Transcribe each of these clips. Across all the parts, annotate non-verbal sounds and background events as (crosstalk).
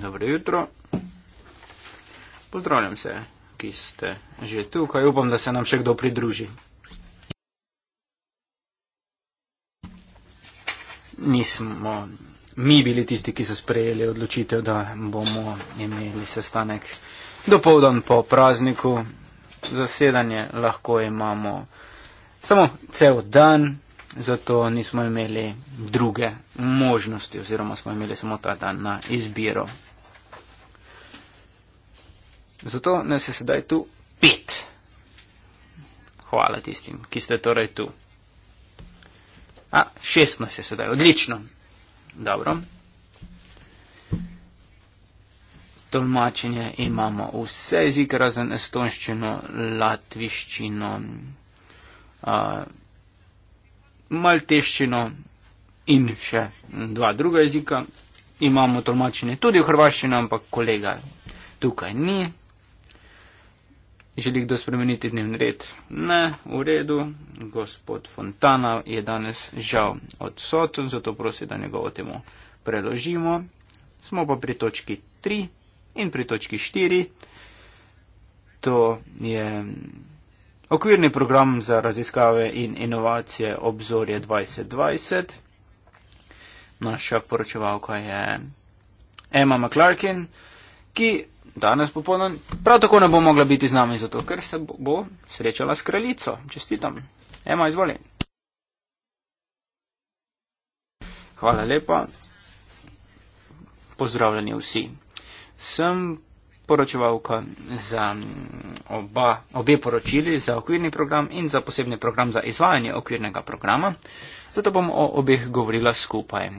Dobro jutro. Pozdravljam se, ki ste že tukaj. Upam, da se nam še kdo pridruži. Nismo mi bili tisti, ki so sprejeli odločitev, da bomo imeli sestanek dopoldan po prazniku. Zasedanje lahko imamo samo cel dan zato nismo imeli druge možnosti oziroma smo imeli samo ta dan na izbiro. Zato nas je sedaj tu pet. Hvala tistim, ki ste torej tu. A, šest nas je sedaj, odlično. Dobro. Tolmačenje imamo vse jezike razen estonščino, latviščino. Uh, malteščino in še dva druga jezika. Imamo tolmačenje tudi v hrvaščino, ampak kolega tukaj ni. Želi kdo spremeniti dnevni red? Ne, v redu. Gospod Fontana je danes žal odsoten, zato prosim, da njegovo temo preložimo. Smo pa pri točki 3 in pri točki 4. To je Okvirni program za raziskave in inovacije obzorje 2020. Naša poročevalka je Emma McClarkin, ki danes popoldan prav tako ne bo mogla biti z nami, zato ker se bo, bo srečala s kraljico. Čestitam. Emma, izvoli. Hvala lepa. Pozdravljeni vsi. Sem poročevalka za oba, obe poročili za okvirni program in za posebni program za izvajanje okvirnega programa. Zato bom o obeh govorila skupaj.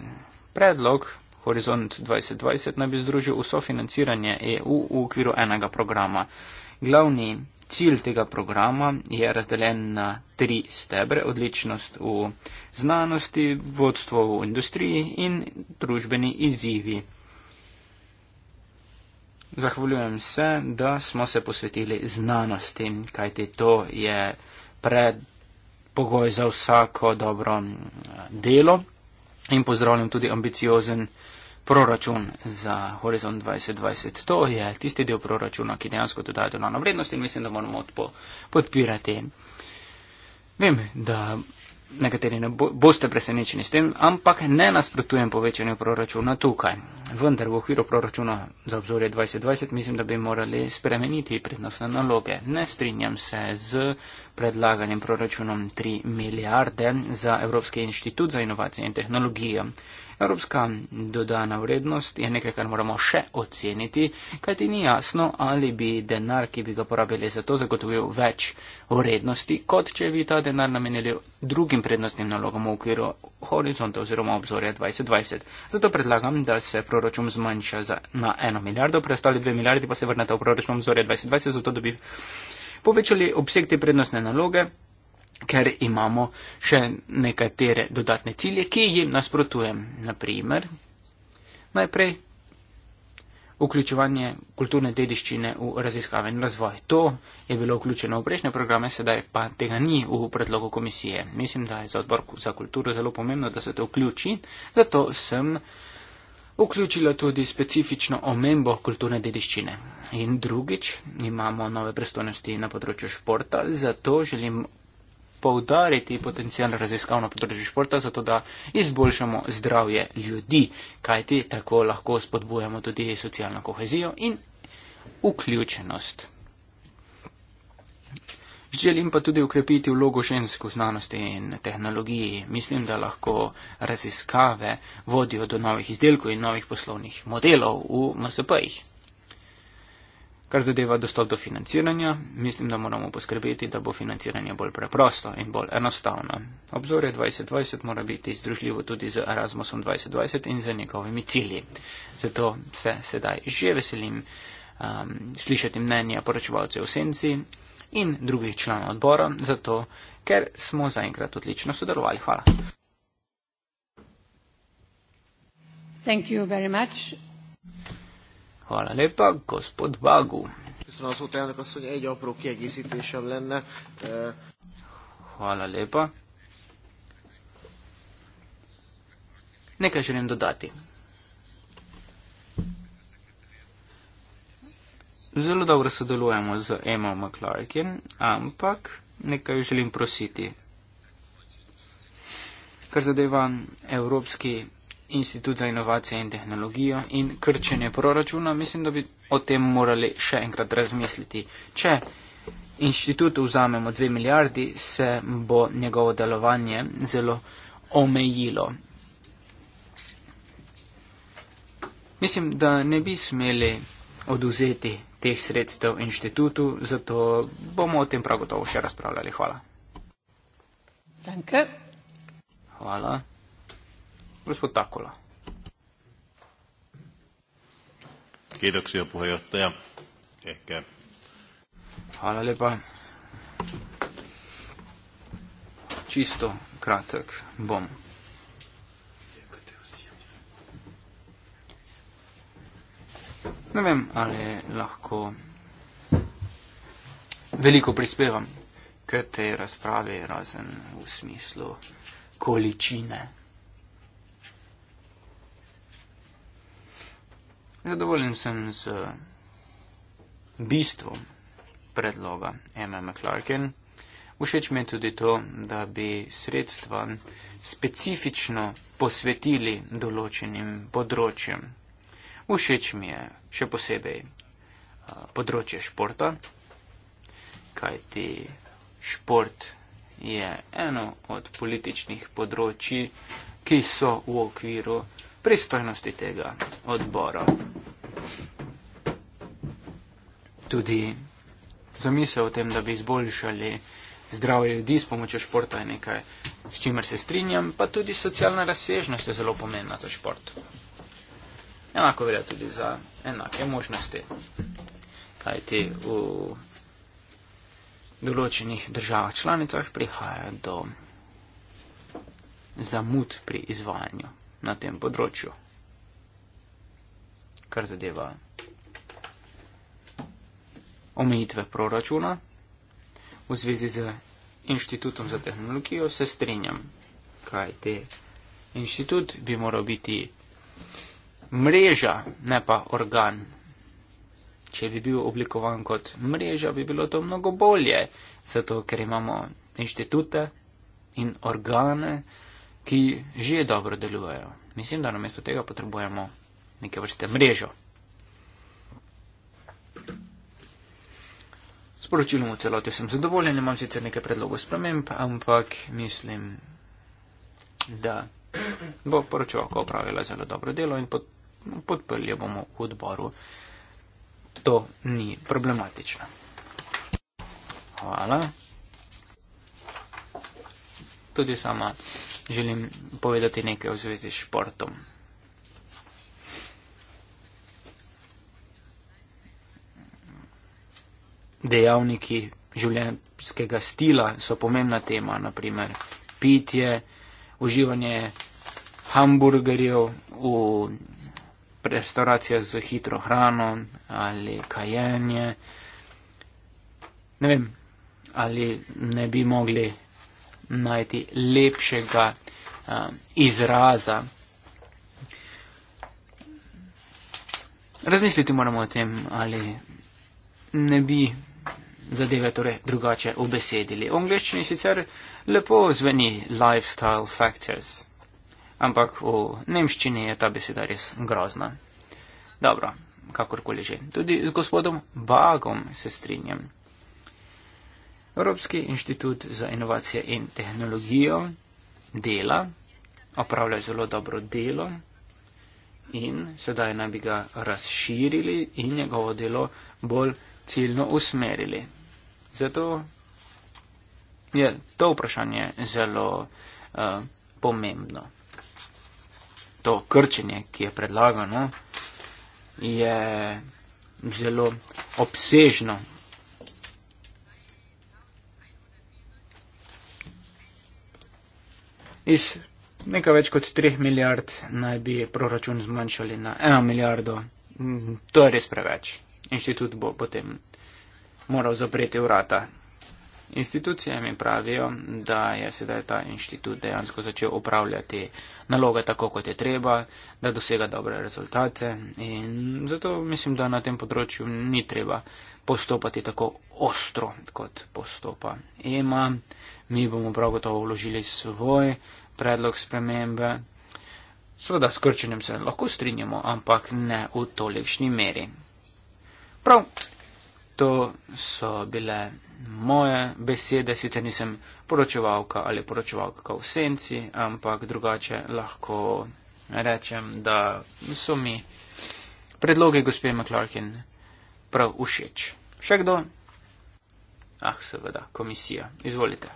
Predlog Horizont 2020 naj bi združil vso financiranje EU v okviru enega programa. Glavni cilj tega programa je razdeljen na tri stebre, odličnost v znanosti, vodstvo v industriji in družbeni izzivi. Zahvaljujem se, da smo se posvetili znanosti, kajti to je predpogoj za vsako dobro mm, delo in pozdravljam tudi ambiciozen proračun za Horizon 2020. To je tisti del proračuna, ki dejansko dodaja dodano vrednost in mislim, da moramo podpirati. Vem, da nekateri ne bo, boste presenečeni s tem, ampak ne nasprotujem povečanju proračuna tukaj. Vendar v okviru proračuna za obzorje 2020 mislim, da bi morali spremeniti prednostne naloge. Ne strinjam se z predlaganjem proračunom 3 milijarde za Evropski inštitut za inovacije in tehnologijo. Evropska dodana vrednost je nekaj, kar moramo še oceniti, kajti ni jasno, ali bi denar, ki bi ga porabili za to, zagotovil več vrednosti, kot če bi ta denar namenili drugim prednostnim nalogam v okviru horizonta oziroma obzorja 2020. Zato predlagam, da se proračun zmanjša za, na eno milijardo, preostali dve milijardi pa se vrnete v proračun obzorja 2020, zato da bi povečali obseg te prednostne naloge ker imamo še nekatere dodatne cilje, ki jim nasprotujem. Naprimer, najprej vključevanje kulturne dediščine v raziskave in razvoj. To je bilo vključeno v prejšnje programe, sedaj pa tega ni v predlogu komisije. Mislim, da je za odbor za kulturo zelo pomembno, da se to vključi, zato sem vključila tudi specifično omembo kulturne dediščine. In drugič, imamo nove prestojnosti na področju športa, zato želim poudariti potencijalno raziskavno področje športa, zato da izboljšamo zdravje ljudi, kajti tako lahko spodbujamo tudi socialno kohezijo in vključenost. Želim pa tudi ukrepiti vlogo žensk v znanosti in tehnologiji. Mislim, da lahko raziskave vodijo do novih izdelkov in novih poslovnih modelov v MSP-jih. Kar zadeva dostop do financiranja, mislim, da moramo poskrbeti, da bo financiranje bolj preprosto in bolj enostavno. Obzorje 2020 mora biti združljivo tudi z Erasmusom 2020 in z njegovimi cilji. Zato se sedaj že veselim um, slišati mnenja poročevalcev v senci in drugih članov odbora, zato ker smo zaenkrat odlično sodelovali. Hvala. Thank you very much. Hvala lepa, gospod Bagu. Mislim, da so v tem, da so nekaj oprav, ki je gizitejša lenne. Eh. Hvala lepa. Nekaj želim dodati. Zelo dobro sodelujemo z Emo McClarkin, ampak nekaj želim prositi. Kar zadeva evropski Institut za inovacije in tehnologijo in krčenje proračuna, mislim, da bi o tem morali še enkrat razmisliti. Če inštitutu vzamemo dve milijardi, se bo njegovo delovanje zelo omejilo. Mislim, da ne bi smeli oduzeti teh sredstev inštitutu, zato bomo o tem prav gotovo še razpravljali. Hvala. Danke. Hvala. Gospod Takola. Kiitoksia puheenjohtaja. Ehkä. Hvala lepa. Čisto kratek bom. Ne vem, ali lahko veliko prispevam k tej razpravi, razen v smislu količine. Zadovoljen ja, sem z bistvom predloga MM Clarken. Všeč mi je tudi to, da bi sredstva specifično posvetili določenim področjem. Všeč mi je še posebej področje športa, kajti šport je eno od političnih področij, ki so v okviru pristojnosti tega odbora. Tudi zamisel o tem, da bi izboljšali zdravje ljudi s pomočjo športa je nekaj, s čimer se strinjam, pa tudi socialna razsežnost je zelo pomembna za šport. Enako velja tudi za enake možnosti, kajti v določenih državah članicah prihaja do zamud pri izvajanju na tem področju. Kar zadeva omejitve proračuna v zvezi z Inštitutom za tehnologijo, se strinjam, kaj te inštitut bi moral biti mreža, ne pa organ. Če bi bil oblikovan kot mreža, bi bilo to mnogo bolje, zato ker imamo inštitute in organe, ki že dobro delujejo. Mislim, da namesto tega potrebujemo neke vrste mrežo. Sporočilom v celoti sem zadovoljen, imam sicer nekaj predlogov sprememb, ampak mislim, da bo poročevalka opravila zelo dobro delo in pod, podprli jo bomo v odboru. To ni problematično. Hvala. Tudi sama želim povedati nekaj v zvezi s športom. Dejavniki življenjskega stila so pomembna tema, naprimer pitje, uživanje hamburgerjev v restauracijah z hitro hrano ali kajenje. Ne vem, ali ne bi mogli najti lepšega um, izraza. Razmisliti moramo o tem, ali ne bi zadeve torej drugače obesedili. V angliščini sicer lepo zveni lifestyle factors, ampak v nemščini je ta beseda res grozna. Dobro, kakorkoli že. Tudi z gospodom Bagom se strinjam. Evropski inštitut za inovacije in tehnologijo dela, opravlja zelo dobro delo in sedaj naj bi ga razširili in njegovo delo bolj ciljno usmerili. Zato je to vprašanje zelo uh, pomembno. To krčenje, ki je predlagano, je zelo obsežno Iz nekaj več kot 3 milijard naj bi proračun zmanjšali na 1 milijardo. Mm, to je res preveč. Inštitut bo potem moral zapreti vrata. Institucije mi pravijo, da je sedaj ta inštitut dejansko začel upravljati naloge tako, kot je treba, da dosega dobre rezultate in zato mislim, da na tem področju ni treba postopati tako ostro, kot postopa EMA. Mi bomo prav gotovo vložili svoj predlog spremembe. Sveda s krčenjem se lahko strinjamo, ampak ne v tolikšni meri. Prav, to so bile moje besede, sicer nisem poročevalka ali poročevalka v senci, ampak drugače lahko rečem, da so mi predloge gospe McClarkin prav všeč. Še kdo? Ah, seveda, komisija. Izvolite.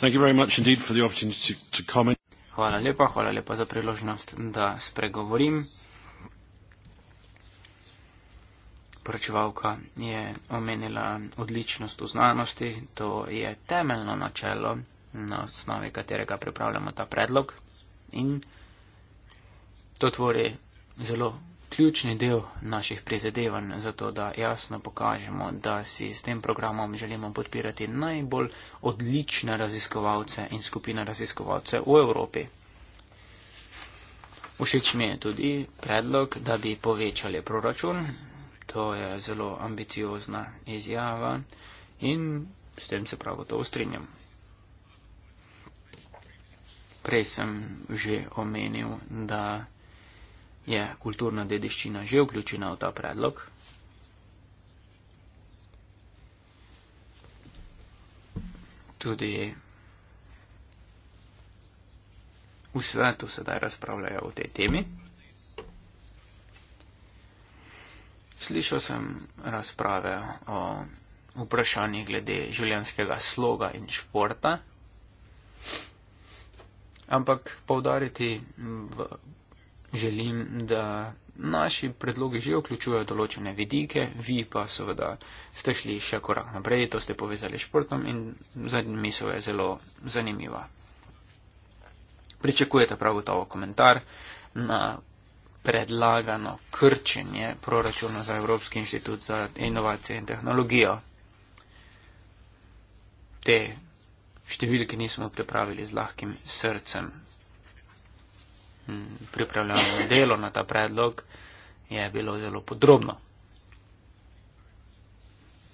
Thank you very much indeed for the opportunity to comment. Hvala lepa, hvala lepa za priložnost, da spregovorim. Poročevalka je omenila odličnost v znanosti, to je temeljno načelo, na osnovi katerega pripravljamo ta predlog in to tvori zelo ključni del naših prizadevanj za to, da jasno pokažemo, da si s tem programom želimo podpirati najbolj odlične raziskovalce in skupine raziskovalcev v Evropi. Všeč mi je tudi predlog, da bi povečali proračun. To je zelo ambiciozna izjava in s tem se prav gotovo strinjam. Prej sem že omenil, da je kulturna dediščina že vključena v ta predlog. Tudi v svetu sedaj razpravljajo o tej temi. Slišal sem razprave o vprašanjih glede življenskega sloga in športa, ampak povdariti želim, da naši predlogi že vključujejo določene vidike, vi pa seveda ste šli še korak naprej, to ste povezali s športom in zadnji misel je zelo zanimiva. Pričakujete prav gotovo komentar na predlagano krčenje proračuna za Evropski inštitut za inovacije in tehnologijo. Te številke nismo pripravili z lahkim srcem pripravljeno delo na ta predlog je bilo zelo podrobno.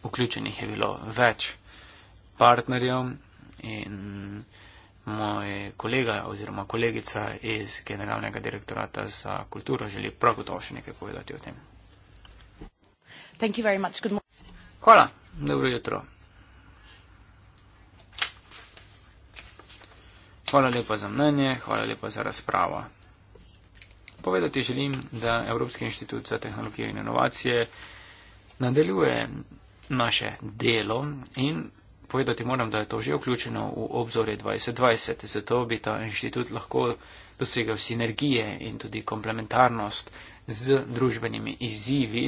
Vključenih je bilo več partnerjev in moj kolega oziroma kolegica iz Generalnega direktorata za kulturo želi prav gotovo še nekaj povedati o tem. Hvala, dobro jutro. Hvala lepa za mnenje, hvala lepa za razpravo. Povedati želim, da Evropski inštitut za tehnologijo in inovacije nadaljuje naše delo in povedati moram, da je to že vključeno v obzore 2020, zato bi ta inštitut lahko dosegal sinergije in tudi komplementarnost z družbenimi izzivi,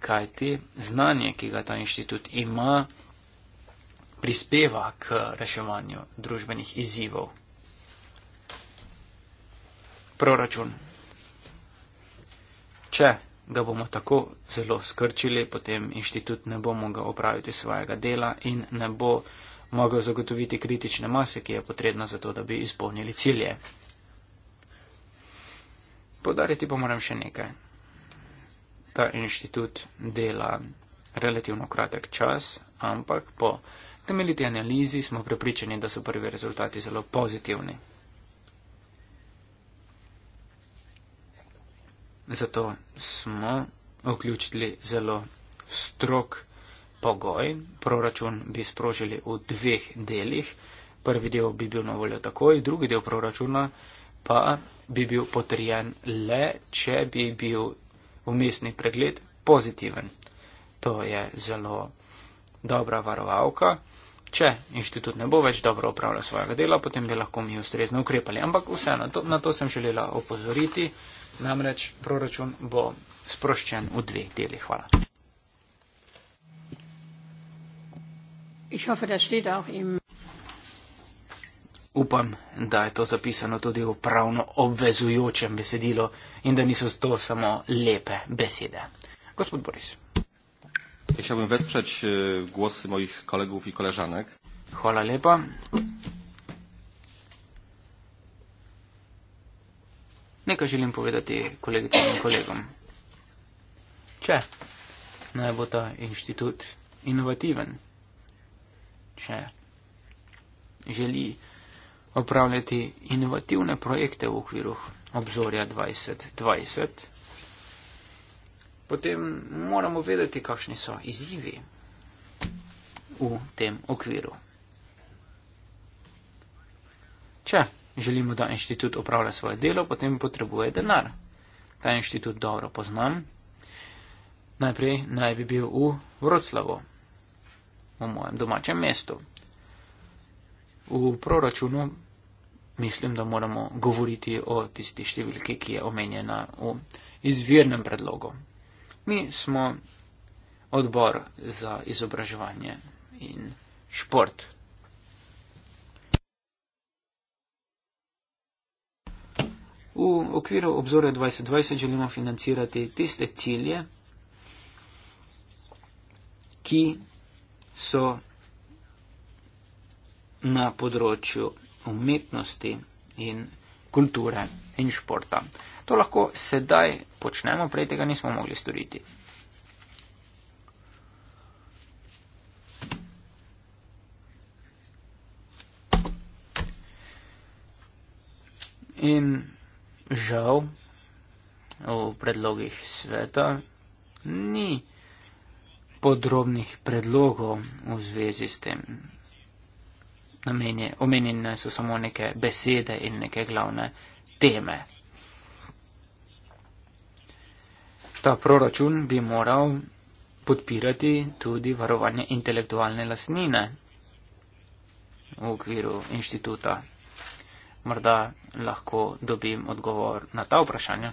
kajti znanje, ki ga ta inštitut ima, prispeva k reševanju družbenih izzivov. Proračun če ga bomo tako zelo skrčili, potem inštitut ne bo mogel opraviti svojega dela in ne bo mogel zagotoviti kritične mase, ki je potrebna za to, da bi izpolnili cilje. Podariti pa moram še nekaj. Ta inštitut dela relativno kratek čas, ampak po temeljiti analizi smo prepričani, da so prvi rezultati zelo pozitivni. Zato smo vključili zelo strok pogoj. Proračun bi sprožili v dveh delih. Prvi del bi bil na voljo takoj, drugi del proračuna pa bi bil potrjen le, če bi bil umestni pregled pozitiven. To je zelo dobra varovalka. Če inštitut ne bo več dobro upravljal svojega dela, potem bi lahko mi ustrezno ukrepali. Ampak vseeno, na to sem želela opozoriti namreč proračun bo sproščen v dveh delih. Hvala. Upam, da je to zapisano tudi v pravno obvezujočem besedilo in da niso to samo lepe besede. Gospod Boris. E, Hvala lepa. nekaj želim povedati kolegicam in kolegom. Če naj bo ta inštitut inovativen, če želi opravljati inovativne projekte v okviru obzorja 2020, potem moramo vedeti, kakšni so izzivi v tem okviru. Če želimo, da inštitut upravlja svoje delo, potem potrebuje denar. Ta inštitut dobro poznam. Najprej naj bi bil v Vroclavo, v mojem domačem mestu. V proračunu mislim, da moramo govoriti o tisti številki, ki je omenjena v izvirnem predlogu. Mi smo odbor za izobraževanje in šport, V okviru obzorja 2020 želimo financirati tiste cilje, ki so na področju umetnosti in kulture in športa. To lahko sedaj počnemo, prej tega nismo mogli storiti. In žal v predlogih sveta ni podrobnih predlogov v zvezi s tem. Omenjene so samo neke besede in neke glavne teme. Ta proračun bi moral podpirati tudi varovanje intelektualne lasnine v okviru inštituta morda lahko dobim odgovor na ta vprašanja.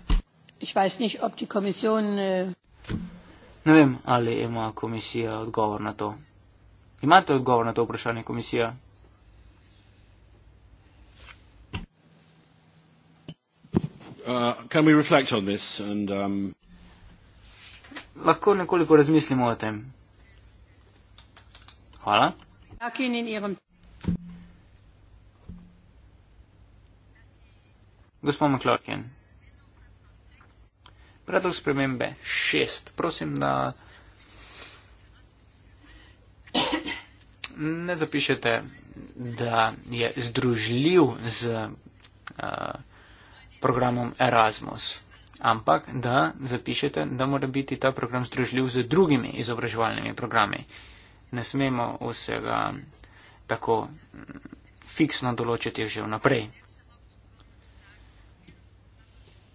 Äh, ne vem, ali ima komisija odgovor na to. Imate odgovor na to vprašanje, komisija? Uh, and, um... Lahko nekoliko razmislimo o tem. Hvala. Okay, Gospod McLaughlin, predlog spremembe šest. Prosim, da ne zapišete, da je združljiv z uh, programom Erasmus, ampak da zapišete, da mora biti ta program združljiv z drugimi izobraževalnimi programi. Ne smemo vsega tako mm, fiksno določiti že vnaprej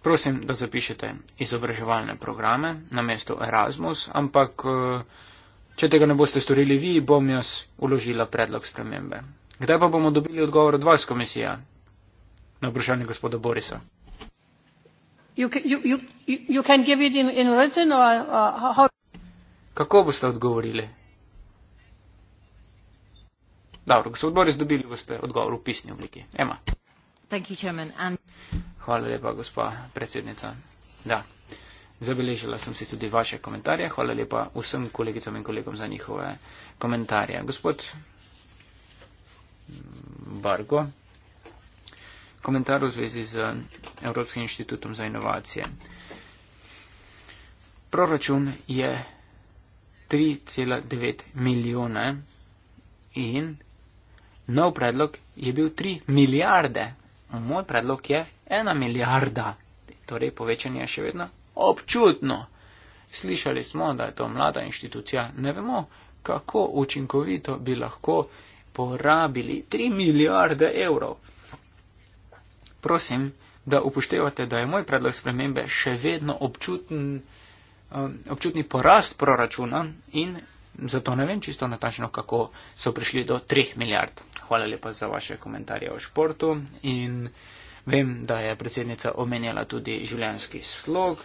prosim, da zapišete izobraževalne programe na mesto Erasmus, ampak eh, če tega ne boste storili vi, bom jaz uložila predlog spremembe. Kdaj pa bomo dobili odgovor od vas, komisija? Na vprašanje gospoda Borisa. You can, you, you, you in, in written, or, uh, Kako boste odgovorili? Dobro, gospod Boris, dobili boste odgovor v pisni obliki. Ema. Thank you, chairman. Um... Hvala lepa, gospa predsednica. Da, zabeležila sem si tudi vaše komentarje. Hvala lepa vsem kolegicam in kolegom za njihove komentarje. Gospod Bargo, komentar v zvezi z Evropskim inštitutom za inovacije. Proračun je 3,9 milijone in nov predlog je bil 3 milijarde Moj predlog je ena milijarda. Torej, povečanje je še vedno občutno. Slišali smo, da je to mlada inštitucija. Ne vemo, kako učinkovito bi lahko porabili 3 milijarde evrov. Prosim, da upoštevate, da je moj predlog spremembe še vedno občuten, um, občutni porast proračuna in Zato ne vem čisto natančno, kako so prišli do 3 milijard. Hvala lepa za vaše komentarje o športu in vem, da je predsednica omenjala tudi življenski slog.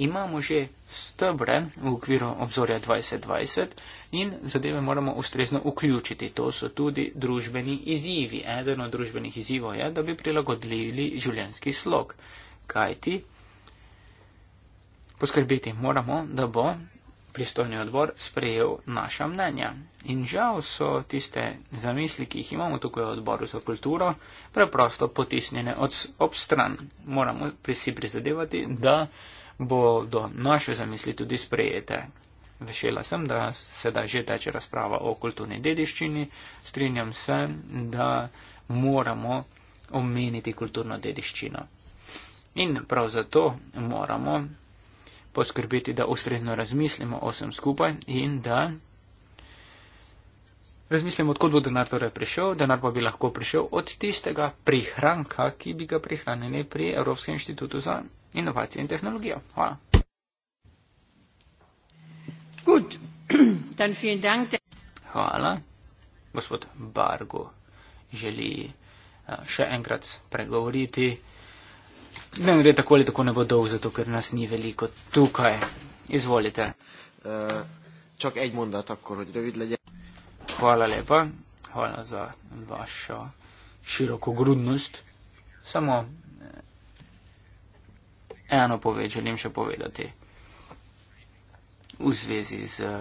Imamo že stebre v okviru obzorja 2020 in zadeve moramo ustrezno vključiti. To so tudi družbeni izzivi. Eden od družbenih izzivov je, da bi prilagodili življenski slog. Kajti poskrbeti moramo, da bo pristojni odbor sprejel naša mnenja. In žal so tiste zamisli, ki jih imamo tukaj v odboru za kulturo, preprosto potisnjene od ob stran. Moramo pri si prizadevati, da bodo naše zamisli tudi sprejete. Vesela sem, da sedaj že teče razprava o kulturni dediščini. Strinjam se, da moramo omeniti kulturno dediščino. In prav zato moramo poskrbeti, da ustrezno razmislimo o vsem skupaj in da razmislimo, odkud bo denar torej prišel. Denar pa bi lahko prišel od tistega prihranka, ki bi ga prihranili pri Evropskem inštitutu za inovacije in tehnologijo. Hvala. (clears throat) Hvala. Gospod Bargo želi eh, še enkrat pregovoriti. Ne, gre tako ali tako ne bo dolg, zato ker nas ni veliko tukaj. Izvolite. Uh, eh, čak Edmunda, tako rodi, da vidi. Hvala lepa, hvala za vašo široko grudnost. Samo eh, eno poved želim še povedati v zvezi z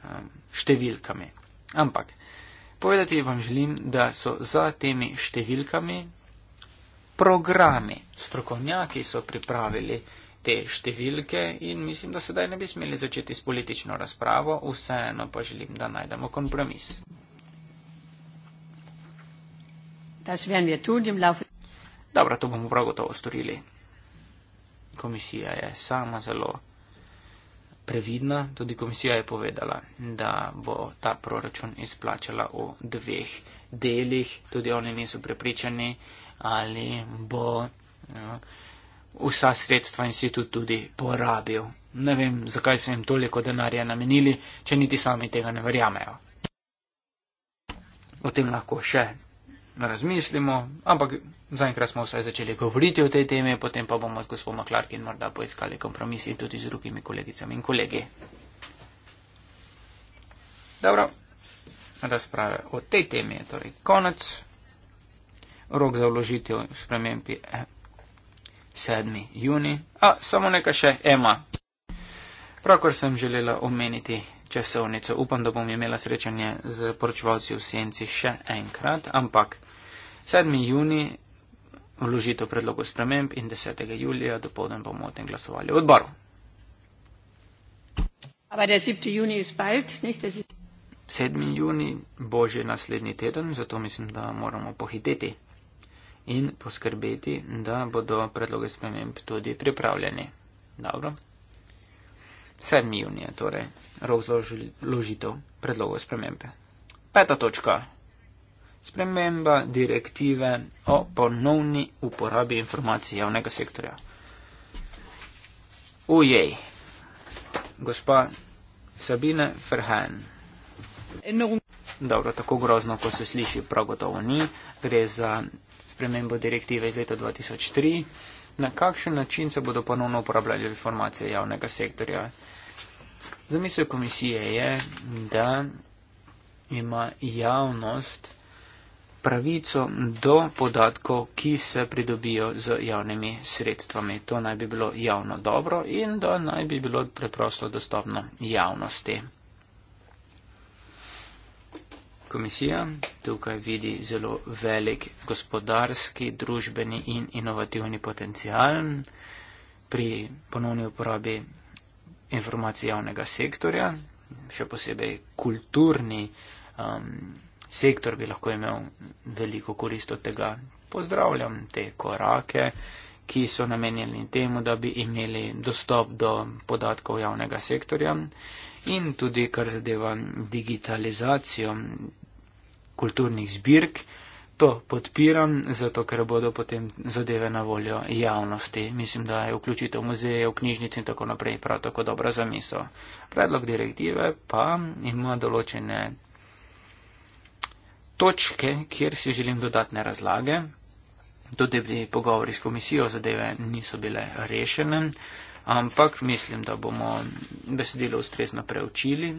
um, številkami. Ampak povedati vam želim, da so za temi številkami programi. Strokovnjaki so pripravili te številke in mislim, da sedaj ne bi smeli začeti s politično razpravo, vseeno pa želim, da najdemo kompromis. Dobro, to bomo prav gotovo storili. Komisija je sama zelo previdna, tudi komisija je povedala, da bo ta proračun izplačala v dveh delih, tudi oni niso prepričani, ali bo jo, ja, vsa sredstva institut tudi porabil. Ne vem, zakaj so jim toliko denarja namenili, če niti sami tega ne verjamejo. O tem lahko še razmislimo, ampak zaenkrat smo vsaj začeli govoriti o tej temi, potem pa bomo z gospodom Klarkin morda poiskali kompromis in tudi z drugimi kolegicami in kolegi. Dobro, razprave o tej temi je torej konec rok za vložitev sprememb je 7. Eh, juni. A, samo nekaj še, Ema. Pravkar sem želela omeniti časovnico. Upam, da bom imela srečanje z poročevalci v Senci še enkrat, ampak 7. juni vložitev predlogov sprememb in 10. julija do povdne bomo o tem glasovali v odboru. Sedmi juni bo že naslednji teden, zato mislim, da moramo pohiteti in poskrbeti, da bodo predloge sprememb tudi pripravljeni. Dobro. 7. junija, torej rok za ložitev predlogov spremembe. Peta točka. Sprememba direktive o ponovni uporabi informacij javnega sektorja. Ujej, gospa Sabine Ferhan. Dobro, tako grozno, ko se sliši, prav gotovo ni. Gre za spremembo direktive iz leta 2003. Na kakšen način se bodo ponovno uporabljali informacije javnega sektorja? Zamisel komisije je, da ima javnost pravico do podatkov, ki se pridobijo z javnimi sredstvami. To naj bi bilo javno dobro in da naj bi bilo preprosto dostopno javnosti. Komisija tukaj vidi zelo velik gospodarski, družbeni in inovativni potencial pri ponovni uporabi informacij javnega sektorja, še posebej kulturni um, sektor bi lahko imel veliko korist od tega. Pozdravljam te korake, ki so namenjeni temu, da bi imeli dostop do podatkov javnega sektorja in tudi kar zadeva digitalizacijo kulturnih zbirk. To podpiram, zato ker bodo potem zadeve na voljo javnosti. Mislim, da je vključitev muzeja v knjižnici in tako naprej prav tako dobra zamisel. Predlog direktive pa ima določene točke, kjer si želim dodatne razlage. Dodebni pogovori s komisijo zadeve niso bile rešene ampak mislim, da bomo besedilo ustrezno preučili,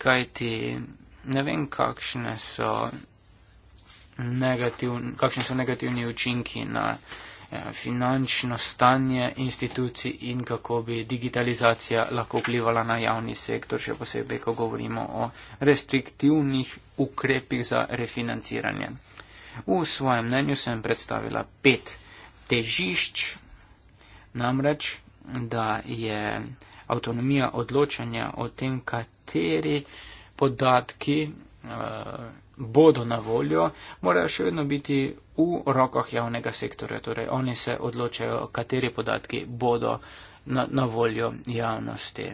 kajti ne vem, kakšne so, negativ, kakšne so negativni učinki na eh, finančno stanje institucij in kako bi digitalizacija lahko vplivala na javni sektor, še posebej, ko govorimo o restriktivnih ukrepih za refinanciranje. V svojem mnenju sem predstavila pet težišč, namreč da je avtonomija odločanja o tem, kateri podatki eh, bodo na voljo, morajo še vedno biti v rokah javnega sektorja. Torej, oni se odločajo, kateri podatki bodo na, na voljo javnosti.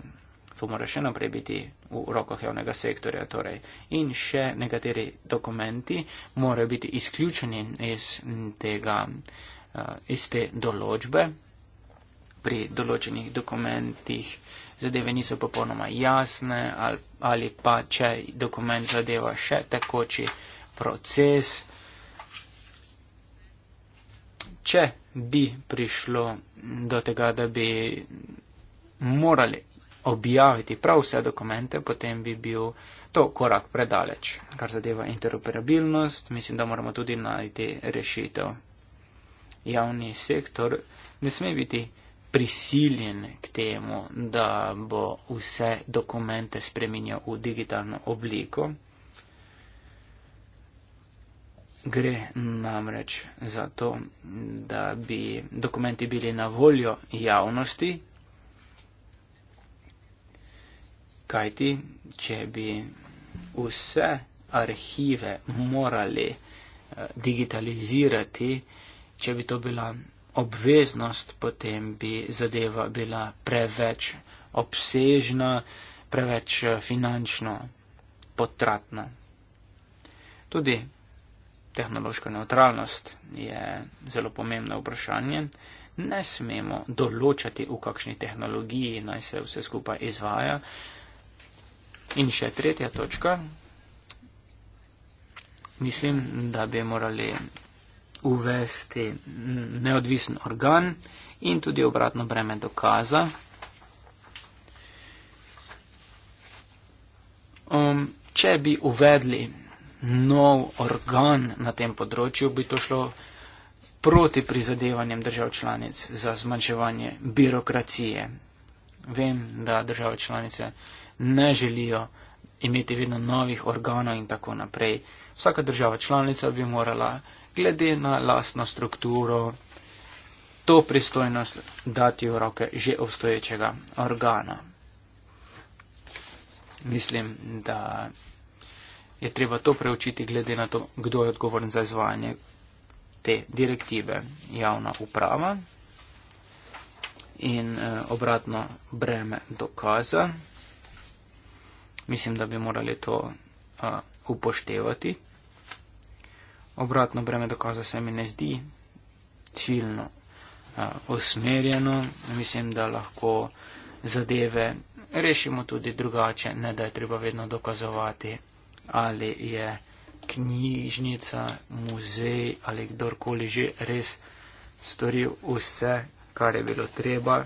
To mora še naprej biti v rokah javnega sektorja. Torej. In še nekateri dokumenti morajo biti izključeni iz, tega, eh, iz te določbe, pri določenih dokumentih zadeve niso popolnoma jasne ali, ali pa če dokument zadeva še takoči proces. Če bi prišlo do tega, da bi morali objaviti prav vse dokumente, potem bi bil to korak predaleč, kar zadeva interoperabilnost. Mislim, da moramo tudi najti rešitev. Javni sektor ne sme biti prisiljen k temu, da bo vse dokumente spremenil v digitalno obliko. Gre namreč za to, da bi dokumenti bili na voljo javnosti, kajti, če bi vse arhive morali eh, digitalizirati, če bi to bila obveznost, potem bi zadeva bila preveč obsežna, preveč eh, finančno potratna. Tudi tehnološka neutralnost je zelo pomembno vprašanje. Ne smemo določati, v kakšni tehnologiji naj se vse skupaj izvaja. In še tretja točka. Mislim, da bi morali uvesti neodvisen organ in tudi obratno breme dokaza. Um, če bi uvedli nov organ na tem področju, bi to šlo proti prizadevanjem držav članic za zmanjševanje birokracije. Vem, da države članice ne želijo imeti vedno novih organov in tako naprej. Vsaka država članica bi morala glede na lastno strukturo to pristojnost dati v roke že obstoječega organa. Mislim, da je treba to preučiti glede na to, kdo je odgovoren za izvajanje te direktive javna uprava in eh, obratno breme dokaza. Mislim, da bi morali to eh, upoštevati obratno breme dokaza se mi ne zdi ciljno uh, usmerjeno. Mislim, da lahko zadeve rešimo tudi drugače, ne da je treba vedno dokazovati, ali je knjižnica, muzej ali kdorkoli že res storil vse, kar je bilo treba,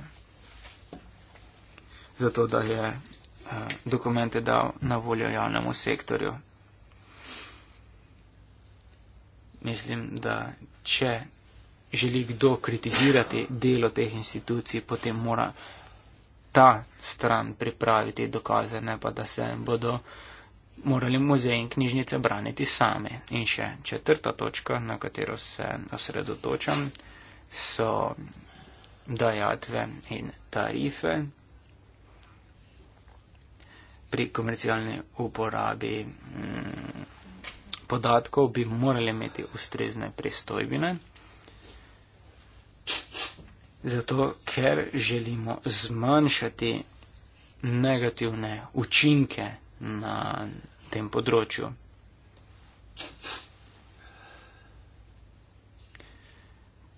zato da je uh, dokumente dal na voljo javnemu sektorju. mislim, da če želi kdo kritizirati delo teh institucij, potem mora ta stran pripraviti dokaze, ne pa da se bodo morali muzeji in knjižnice braniti sami. In še četrta točka, na katero se osredotočam, so dajatve in tarife pri komercialni uporabi mm, podatkov bi morali imeti ustrezne pristojbine. Zato, ker želimo zmanjšati negativne učinke na tem področju.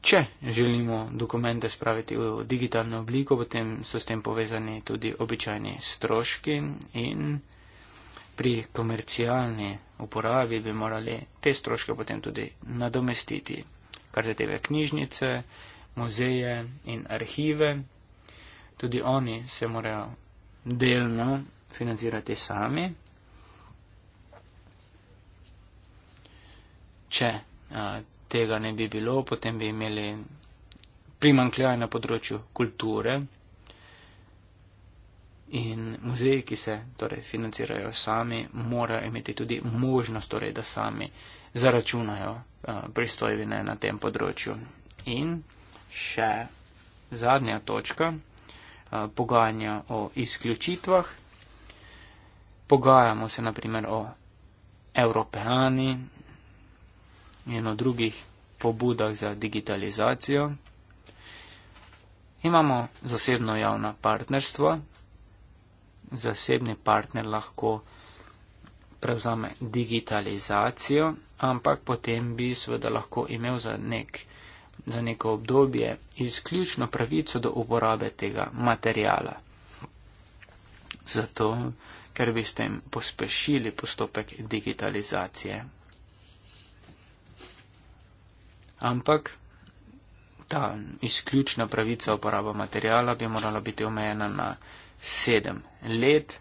Če želimo dokumente spraviti v digitalno obliko, potem so s tem povezani tudi običajni stroški in pri komercialni uporabi bi morali te stroške potem tudi nadomestiti, kar zadeve knjižnice, muzeje in arhive. Tudi oni se morajo delno financirati sami. Če a, tega ne bi bilo, potem bi imeli primankljaj na področju kulture, In muzeji, ki se torej, financirajo sami, morajo imeti tudi možnost, torej, da sami zaračunajo uh, eh, pristojbine na tem področju. In še zadnja točka, uh, pogajanja o izključitvah. Pogajamo se naprimer o Evropejani in o drugih pobudah za digitalizacijo. Imamo zasebno javna partnerstva, zasebni partner lahko prevzame digitalizacijo, ampak potem bi seveda lahko imel za, nek, za neko obdobje izključno pravico do uporabe tega materijala. Zato, ker bi s tem pospešili postopek digitalizacije. Ampak ta izključna pravica uporaba materijala bi morala biti omejena na sedem let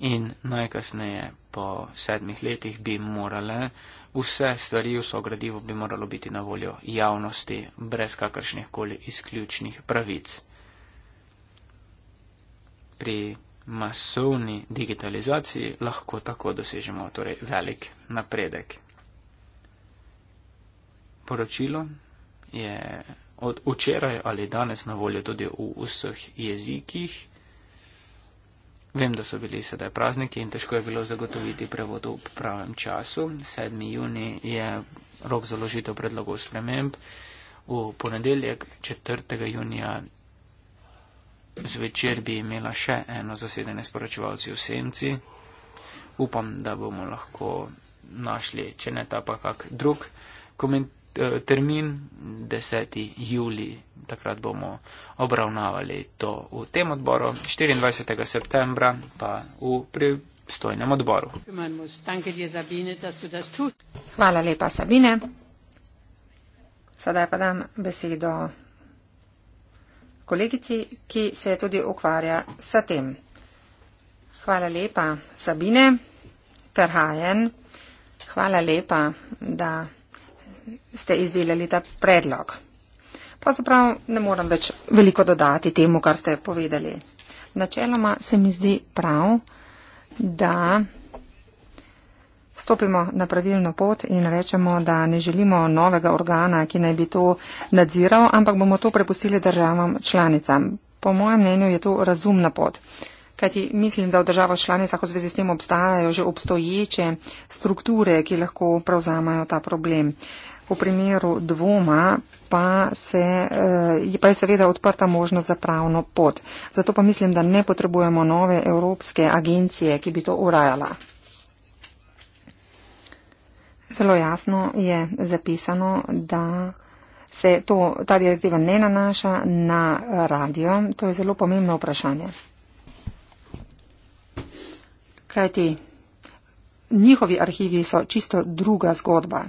in najkasneje po sedmih letih bi morale vse stvari, vso gradivo bi moralo biti na voljo javnosti brez kakršnih koli izključnih pravic. Pri masovni digitalizaciji lahko tako dosežemo torej velik napredek. Poročilo je od včeraj ali danes na voljo tudi v vseh jezikih. Vem, da so bili sedaj prazniki in težko je bilo zagotoviti prevod v pravem času. 7. juni je rok založitev predlogov sprememb. V ponedeljek 4. junija zvečer bi imela še eno zasedanje s poročevalci v Senci. Upam, da bomo lahko našli, če ne ta pa kak drug komentar termin 10. juli. Takrat bomo obravnavali to v tem odboru, 24. septembra pa v pristojnem odboru. Hvala lepa, Sabine. Sedaj pa dam besedo kolegici, ki se tudi ukvarja s tem. Hvala lepa, Sabine Perhajen. Hvala lepa, da ste izdelali ta predlog. Pravzaprav ne moram več veliko dodati temu, kar ste povedali. Načeloma se mi zdi prav, da stopimo na pravilno pot in rečemo, da ne želimo novega organa, ki naj bi to nadziral, ampak bomo to prepustili državam članicam. Po mojem mnenju je to razumna pot. Kajti mislim, da v državah članicah v zvezi s tem obstajajo že obstoječe strukture, ki lahko prevzamajo ta problem. Uh, v primeru dvoma pa, se, eh, pa je seveda odprta možnost za pravno pot. Zato pa mislim, da ne potrebujemo nove evropske agencije, ki bi to urajala. Zelo jasno je zapisano, da se to, ta direktiva ne nanaša na radio. To je zelo pomembno vprašanje. Kajti, njihovi arhivi so čisto druga zgodba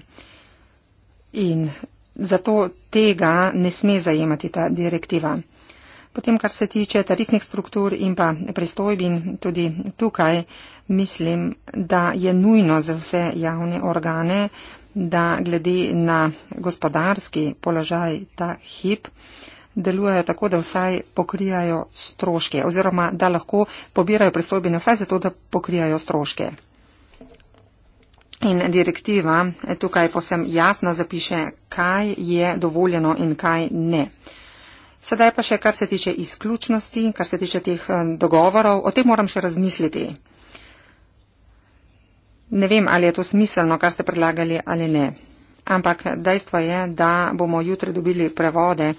in zato tega ne sme zajemati ta direktiva. Potem, kar se tiče tarifnih struktur in pa pristojbin, tudi tukaj mislim, da je nujno za vse javne organe, da glede na gospodarski položaj ta hip delujejo tako, da vsaj pokrijajo stroške oziroma da lahko pobirajo pristojbine vsaj zato, da pokrijajo stroške. In direktiva eh, tukaj posem jasno zapiše, kaj je dovoljeno in kaj ne. Sedaj pa še, kar se tiče izključnosti, kar se tiče teh eh, dogovorov, o tem moram še razmisliti. Ne vem, ali je to smiselno, kar ste predlagali ali ne. Ampak dejstvo je, da bomo jutri dobili prevode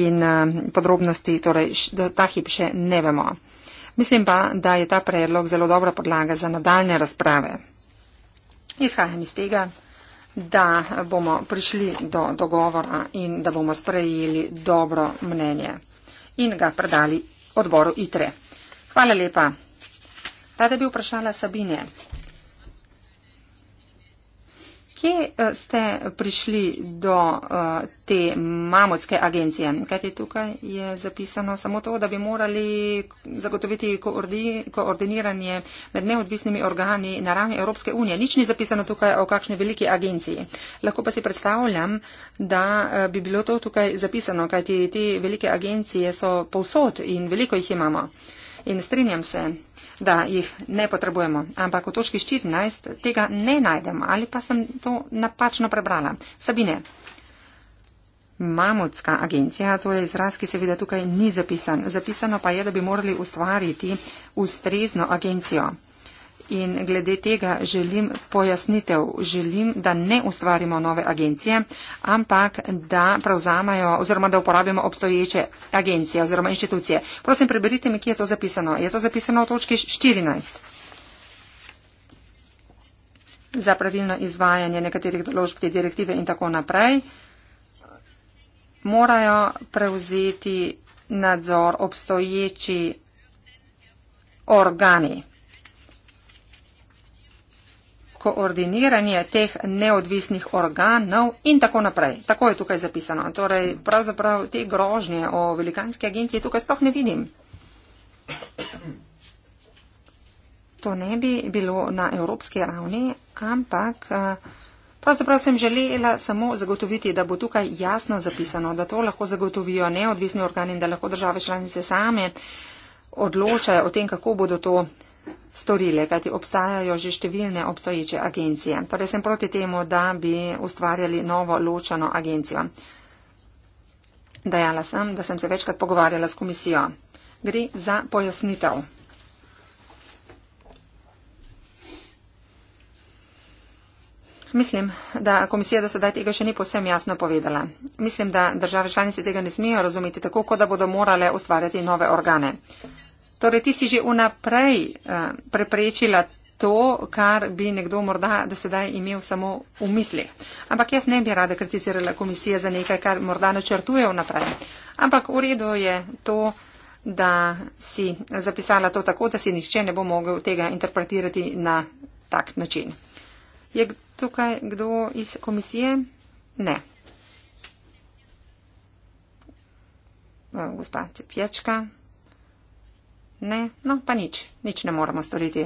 in eh, podrobnosti, torej do ta hip še ne vemo. Mislim pa, da je ta predlog zelo dobra podlaga za nadaljne razprave. Izhajam iz tega, da bomo prišli do dogovora in da bomo sprejeli dobro mnenje in ga predali odboru ITRE. Hvala lepa. Rada bi vprašala Sabine kje eh, ste prišli do eh, te mamotske agencije? Kaj ti tukaj je zapisano? Samo to, da bi morali zagotoviti koordiniranje med neodvisnimi organi na ravni Evropske unije. Nič ni zapisano tukaj o kakšni veliki agenciji. Lahko pa si predstavljam, da eh, bi bilo to tukaj zapisano, kaj ti te velike agencije so povsod in veliko jih imamo. In strinjam se, da jih ne potrebujemo, ampak v točki 14 tega ne najdem ali pa sem to napačno prebrala. Sabine. Mamutska agencija, to je izraz, ki seveda tukaj ni zapisan. Zapisano pa je, da bi morali ustvariti ustrezno agencijo. In glede tega želim pojasnitev. Želim, da ne ustvarimo nove agencije, ampak da prevzamajo oziroma da uporabimo obstoječe agencije oziroma inštitucije. Prosim, preberite mi, kje je to zapisano. Je to zapisano v točki 14 za pravilno izvajanje nekaterih doložb te direktive in tako naprej, morajo prevzeti nadzor obstoječi organi koordiniranje teh neodvisnih organov in tako naprej. Tako je tukaj zapisano. Torej, pravzaprav te grožnje o velikanski agenciji tukaj sploh ne vidim. To ne bi bilo na evropski ravni, ampak eh, pravzaprav sem želela samo zagotoviti, da bo tukaj jasno zapisano, da to lahko zagotovijo neodvisni organi in da lahko države članice same odločajo o tem, kako bodo to storile, kajti obstajajo že številne obstoječe agencije. Torej sem proti temu, da bi ustvarjali novo ločeno agencijo. Dajala sem, da sem se večkrat pogovarjala s komisijo. Gre za pojasnitev. Mislim, da komisija do sedaj tega še ni posem jasno povedala. Mislim, da države članice tega ne smijo razumeti tako, kot da bodo morale ustvarjati nove organe. Torej, ti si že vnaprej eh, preprečila to, kar bi nekdo morda do sedaj imel samo v misli. Ampak jaz ne bi rada kritizirala komisije za nekaj, kar morda načrtuje vnaprej. Ampak v redu je to, da si zapisala to tako, da si nihče ne bo mogel tega interpretirati na tak način. Je tukaj kdo iz komisije? Ne. Eh, gospa Cepječka. Ne, no pa nič, nič ne moremo storiti.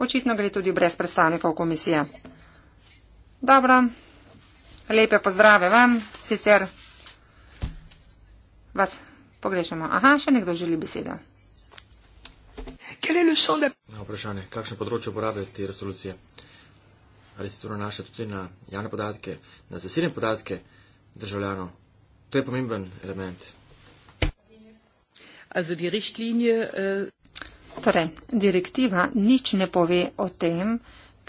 Očitno gre tudi brez predstavnikov komisije. Dobro, lepe pozdrave vam, sicer vas pogrešamo. Aha, še nekdo želi besedo. Na vprašanje, kakšno področje uporabe te resolucije? Ali se to nanaša tudi na javne podatke, na zasebne podatke državljanov? To je pomemben element. Also die Richtlinie, äh torej, direktiva nič ne pove o tem,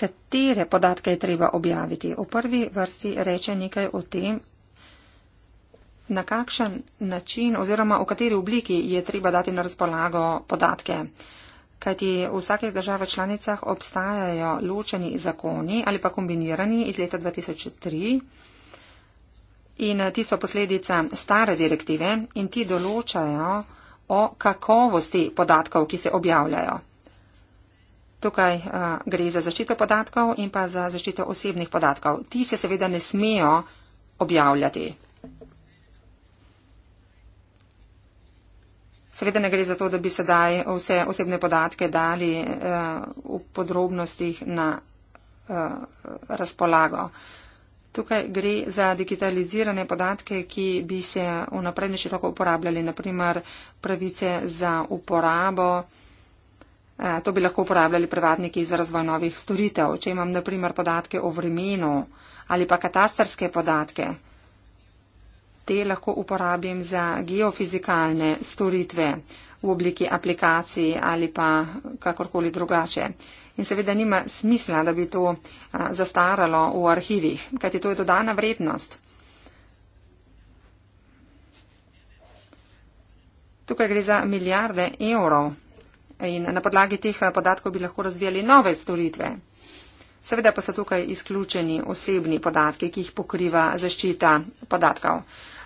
katere podatke je treba objaviti. V prvi vrsti reče nekaj o tem, na kakšen način oziroma v kateri obliki je treba dati na razpolago podatke. Kajti v vsakih državah članicah obstajajo ločeni zakoni ali pa kombinirani iz leta 2003. In ti so posledica stare direktive in ti določajo, o kakovosti podatkov, ki se objavljajo. Tukaj a, eh, gre za zaščito podatkov in pa za zaščito osebnih podatkov. Ti se seveda ne smejo objavljati. Seveda ne gre za to, da bi sedaj vse osebne podatke dali a, eh, v podrobnostih na a, eh, razpolago. A, Tukaj gre za digitalizirane podatke, ki bi se vnaprej ne široko uporabljali, naprimer pravice za uporabo. Eh, to bi lahko uporabljali privatniki za razvoj novih storitev. Če imam naprimer podatke o vremenu ali pa katastarske podatke, te lahko uporabim za geofizikalne storitve v obliki aplikacij ali pa kakorkoli drugače in seveda nima smisla, da bi to zastaralo v arhivih, kajti to je dodana vrednost. Tukaj gre za milijarde evrov in na podlagi teh podatkov bi lahko razvijali nove storitve. Seveda pa so tukaj izključeni osebni podatki, ki jih pokriva zaščita podatkov.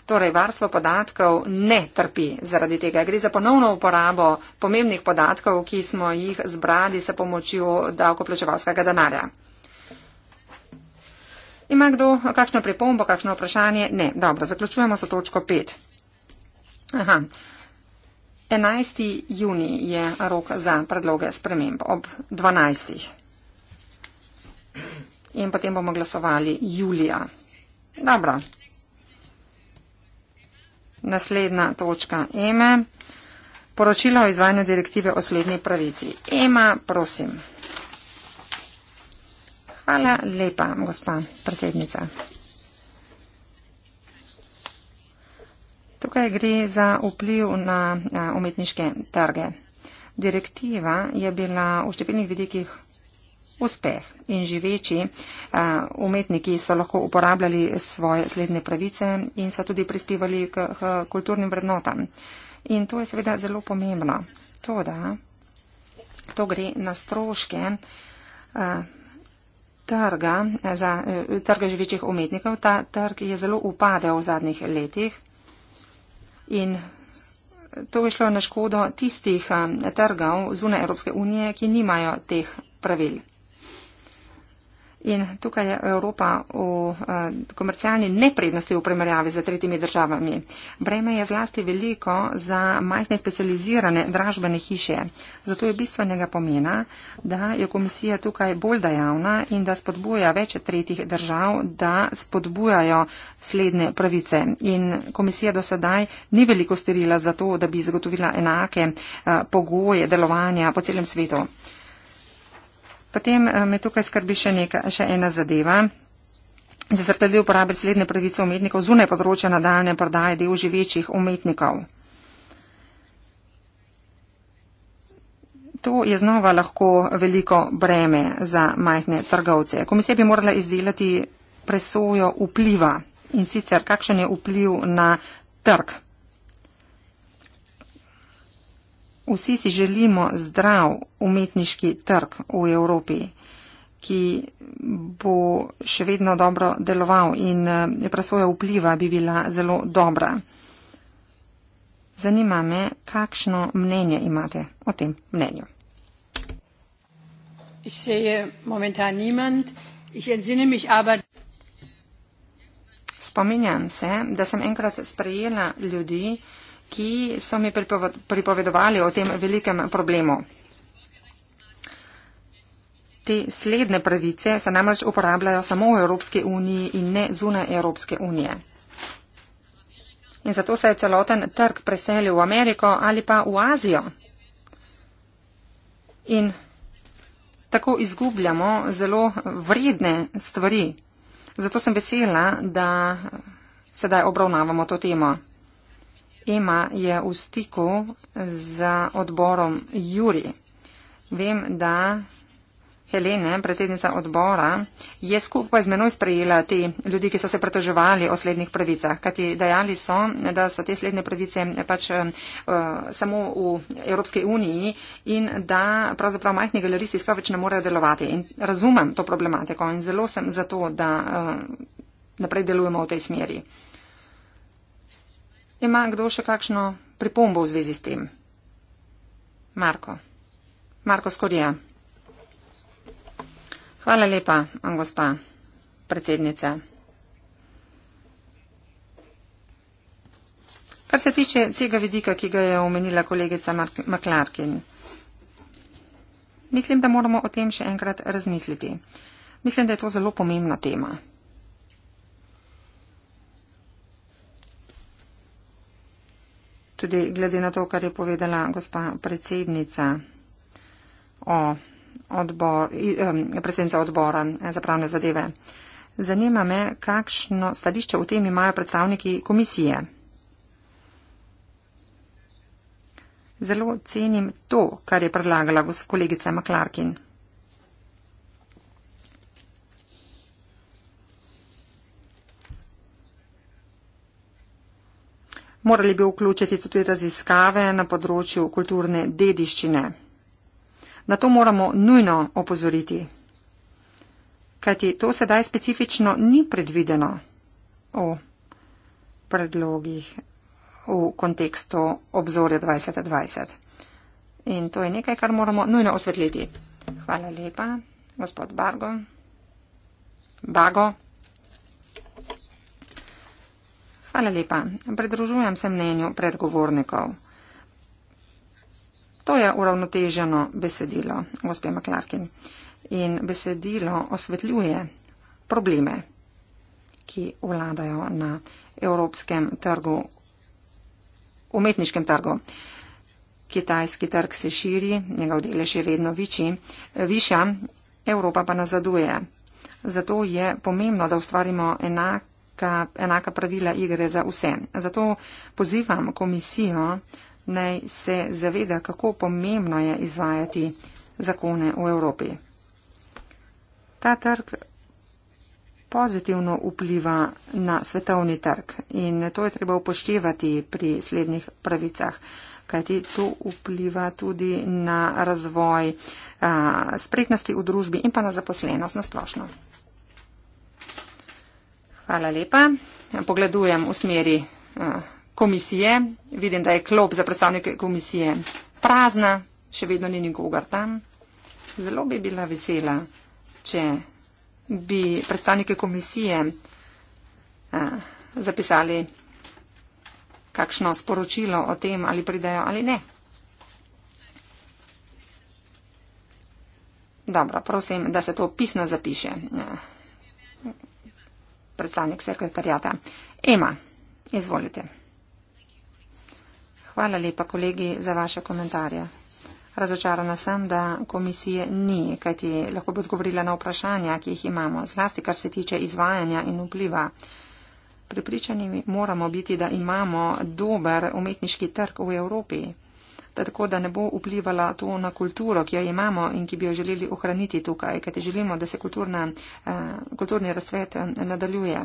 Torej, varstvo podatkov ne trpi zaradi tega. Gre za ponovno uporabo pomembnih podatkov, ki smo jih zbrali s pomočjo davkoplačevalskega denarja. Ima kdo kakšno pripombo, kakšno vprašanje? Ne. Dobro, zaključujemo s točko 5. Aha. 11. juni je rok za predloge sprememb ob 12. In potem bomo glasovali julija. Dobro. Naslednja točka EME. Poročilo o izvajanju direktive o slednji pravici. EMA, prosim. Hvala lepa, gospa predsednica. Tukaj gre za vpliv na umetniške trge. Direktiva je bila v številnih vidikih uspeh. In živeči umetniki so lahko uporabljali svoje sledne pravice in so tudi prispevali k, k kulturnim vrednotam. In to je seveda zelo pomembno. To, da to gre na stroške trga, za, e, trga živečih umetnikov, ta trg je zelo upadel v zadnjih letih. In to je šlo na škodo tistih trgov zune Evropske unije, ki nimajo teh pravil. In tukaj je Evropa v eh, komercialni neprednosti v primerjavi z tretjimi državami. Breme je zlasti veliko za majhne specializirane dražbene hiše. Zato je bistvenega pomena, da je komisija tukaj bolj dejavna in da spodbuja več tretjih držav, da spodbujajo sledne pravice. In komisija do sedaj ni veliko storila za to, da bi zagotovila enake eh, pogoje delovanja po celem svetu. Potem eh, me tukaj skrbi še, neka, še ena zadeva. Zazrtali uporabe slednje pravice umetnikov zunaj področja nadaljne prodaje del živečih umetnikov. To je znova lahko veliko breme za majhne trgovce. Komisija bi morala izdelati presojo vpliva in sicer kakšen je vpliv na trg. Vsi si želimo zdrav umetniški trg v Evropi, ki bo še vedno dobro deloval in eh, presoja vpliva bi bila zelo dobra. Zanima me, kakšno mnenje imate o tem mnenju. Spominjam se, da sem enkrat sprejela ljudi, ki so mi pripovedovali o tem velikem problemu. Te sledne pravice se namreč uporabljajo samo v Evropski uniji in ne zune Evropske unije. In zato se je celoten trg preselil v Ameriko ali pa v Azijo. In tako izgubljamo zelo vredne stvari. Zato sem vesela, da sedaj obravnavamo to temo. Ema je v stiku z odborom Juri. Vem, da Helene, predsednica odbora, je skupaj z menoj sprejela ti ljudi, ki so se pretoževali o slednjih pravicah, kajti dejali so, da so te sledne pravice eh, pač uh, samo v Evropski uniji in da pravzaprav majhni galeristi sploh več ne morejo delovati. In razumem to problematiko in zelo sem za to, da uh, naprej delujemo v tej smeri. Ima kdo še kakšno pripombo v zvezi s tem? Marko. Marko Skorija. Hvala lepa, gospa predsednica. Kar se tiče tega vidika, ki ga je omenila kolegica Maklarkin, mislim, da moramo o tem še enkrat razmisliti. Mislim, da je to zelo pomembna tema. tudi glede na to, kar je povedala gospa predsednica o odbor, predsednica odbora eh, za pravne zadeve. Zanima me, kakšno stališče v tem imajo predstavniki komisije. Zelo cenim to, kar je predlagala gospod kolegica Maklarkin. Morali bi vključiti tudi raziskave na področju kulturne dediščine. Na to moramo nujno opozoriti, kajti to sedaj specifično ni predvideno o predlogih v kontekstu obzorja 2020. In to je nekaj, kar moramo nujno osvetliti. Hvala lepa, gospod Bargo. Bago. Hvala lepa. Pridružujem se mnenju predgovornikov. To je uravnoteženo besedilo, gospe Maklarkin. In besedilo osvetljuje probleme, ki vladajo na evropskem trgu, umetniškem trgu. Kitajski trg se širi, njegov delež je vedno viči, viša, Evropa pa nazaduje. Zato je pomembno, da ustvarimo enak enaka, enaka pravila igre za vse. Zato pozivam komisijo, naj se zaveda, kako pomembno je izvajati zakone v Evropi. Ta trg pozitivno vpliva na svetovni trg in to je treba upoštevati pri slednjih pravicah, kajti to vpliva tudi na razvoj a, spretnosti v družbi in pa na zaposlenost na splošno. Hvala lepa. Pogledujem v smeri eh, komisije. Vidim, da je klop za predstavnike komisije prazna, še vedno ni nikogar tam. Zelo bi bila vesela, če bi predstavnike komisije eh, zapisali kakšno sporočilo o tem, ali pridejo ali ne. Dobro, prosim, da se to pisno zapiše. Ja predstavnik sekretarjata. Ema, izvolite. Hvala lepa, kolegi, za vaše komentarje. Razočarana sem, da komisije ni, kajti lahko bi odgovorila na vprašanja, ki jih imamo, zlasti kar se tiče izvajanja in vpliva. Pripričani moramo biti, da imamo dober umetniški trg v Evropi tako da ne bo vplivala to na kulturo, ki jo imamo in ki bi jo želeli ohraniti tukaj, kajti želimo, da se kulturna, eh, kulturni razsvet eh, nadaljuje.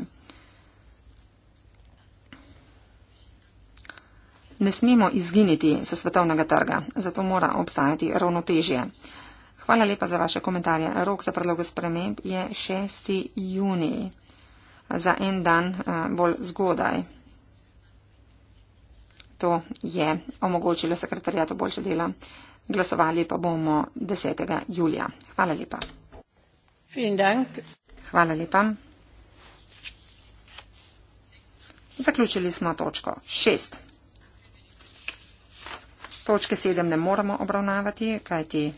Ne smemo izginiti se svetovnega trga, zato mora obstajati ravnotežje. Hvala lepa za vaše komentarje. Rok za predlog sprememb je 6. juni. Za en dan eh, bolj zgodaj to je omogočilo sekretarijatu boljše dela. Glasovali pa bomo 10. julija. Hvala lepa. Hvala lepa. Zaključili smo točko 6. Točke 7 ne moramo obravnavati, kajti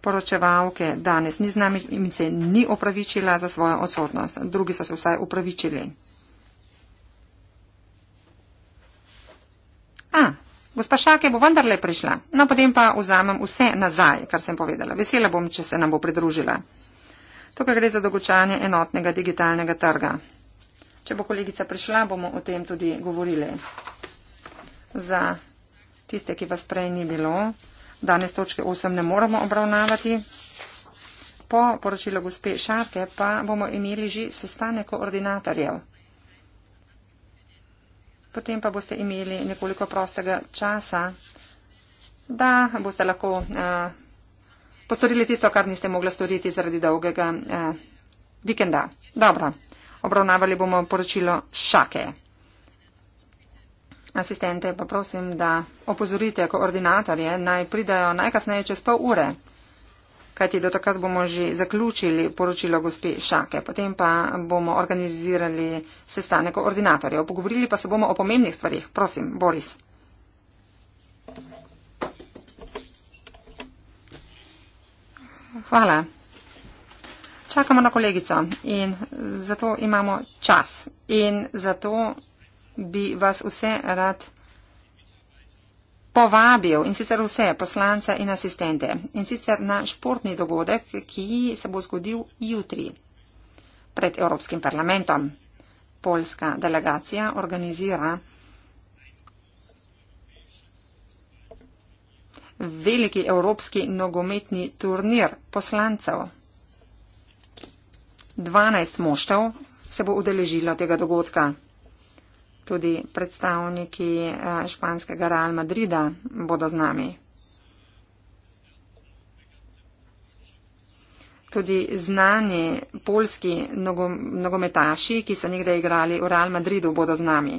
poročevalke danes ni z nami in se ni opravičila za svojo odsotnost. Drugi so se vsaj opravičili. A, gospa Šake bo vendarle prišla. No, potem pa vzamem vse nazaj, kar sem povedala. Vesela bom, če se nam bo pridružila. Tukaj gre za dogočanje enotnega digitalnega trga. Če bo kolegica prišla, bomo o tem tudi govorili. Za tiste, ki vas prej ni bilo, danes točke 8 ne moramo obravnavati. Po poročilu gospe Šarke pa bomo imeli že sestanek koordinatorjev potem pa boste imeli nekoliko prostega časa, da boste lahko eh, postorili tisto, kar niste mogli storiti zaradi dolgega eh, vikenda. Dobro, obravnavali bomo poročilo šake. Asistente pa prosim, da opozorite koordinatorje, naj pridajo najkasneje čez pol ure kajti do takrat bomo že zaključili poročilo gospe Šake, potem pa bomo organizirali sestanek koordinatorjev. Pogovorili pa se bomo o pomembnih stvarih. Prosim, Boris. Hvala. Čakamo na kolegico in zato imamo čas in zato bi vas vse rad povabil in sicer vse poslance in asistente in sicer na športni dogodek, ki se bo zgodil jutri pred Evropskim parlamentom. Poljska delegacija organizira veliki evropski nogometni turnir poslancev. 12 moštev se bo udeležilo tega dogodka. Tudi predstavniki eh, španskega Real Madrida bodo z nami. Tudi znani polski nogometaši, ki so nekdaj igrali v Real Madridu, bodo z nami.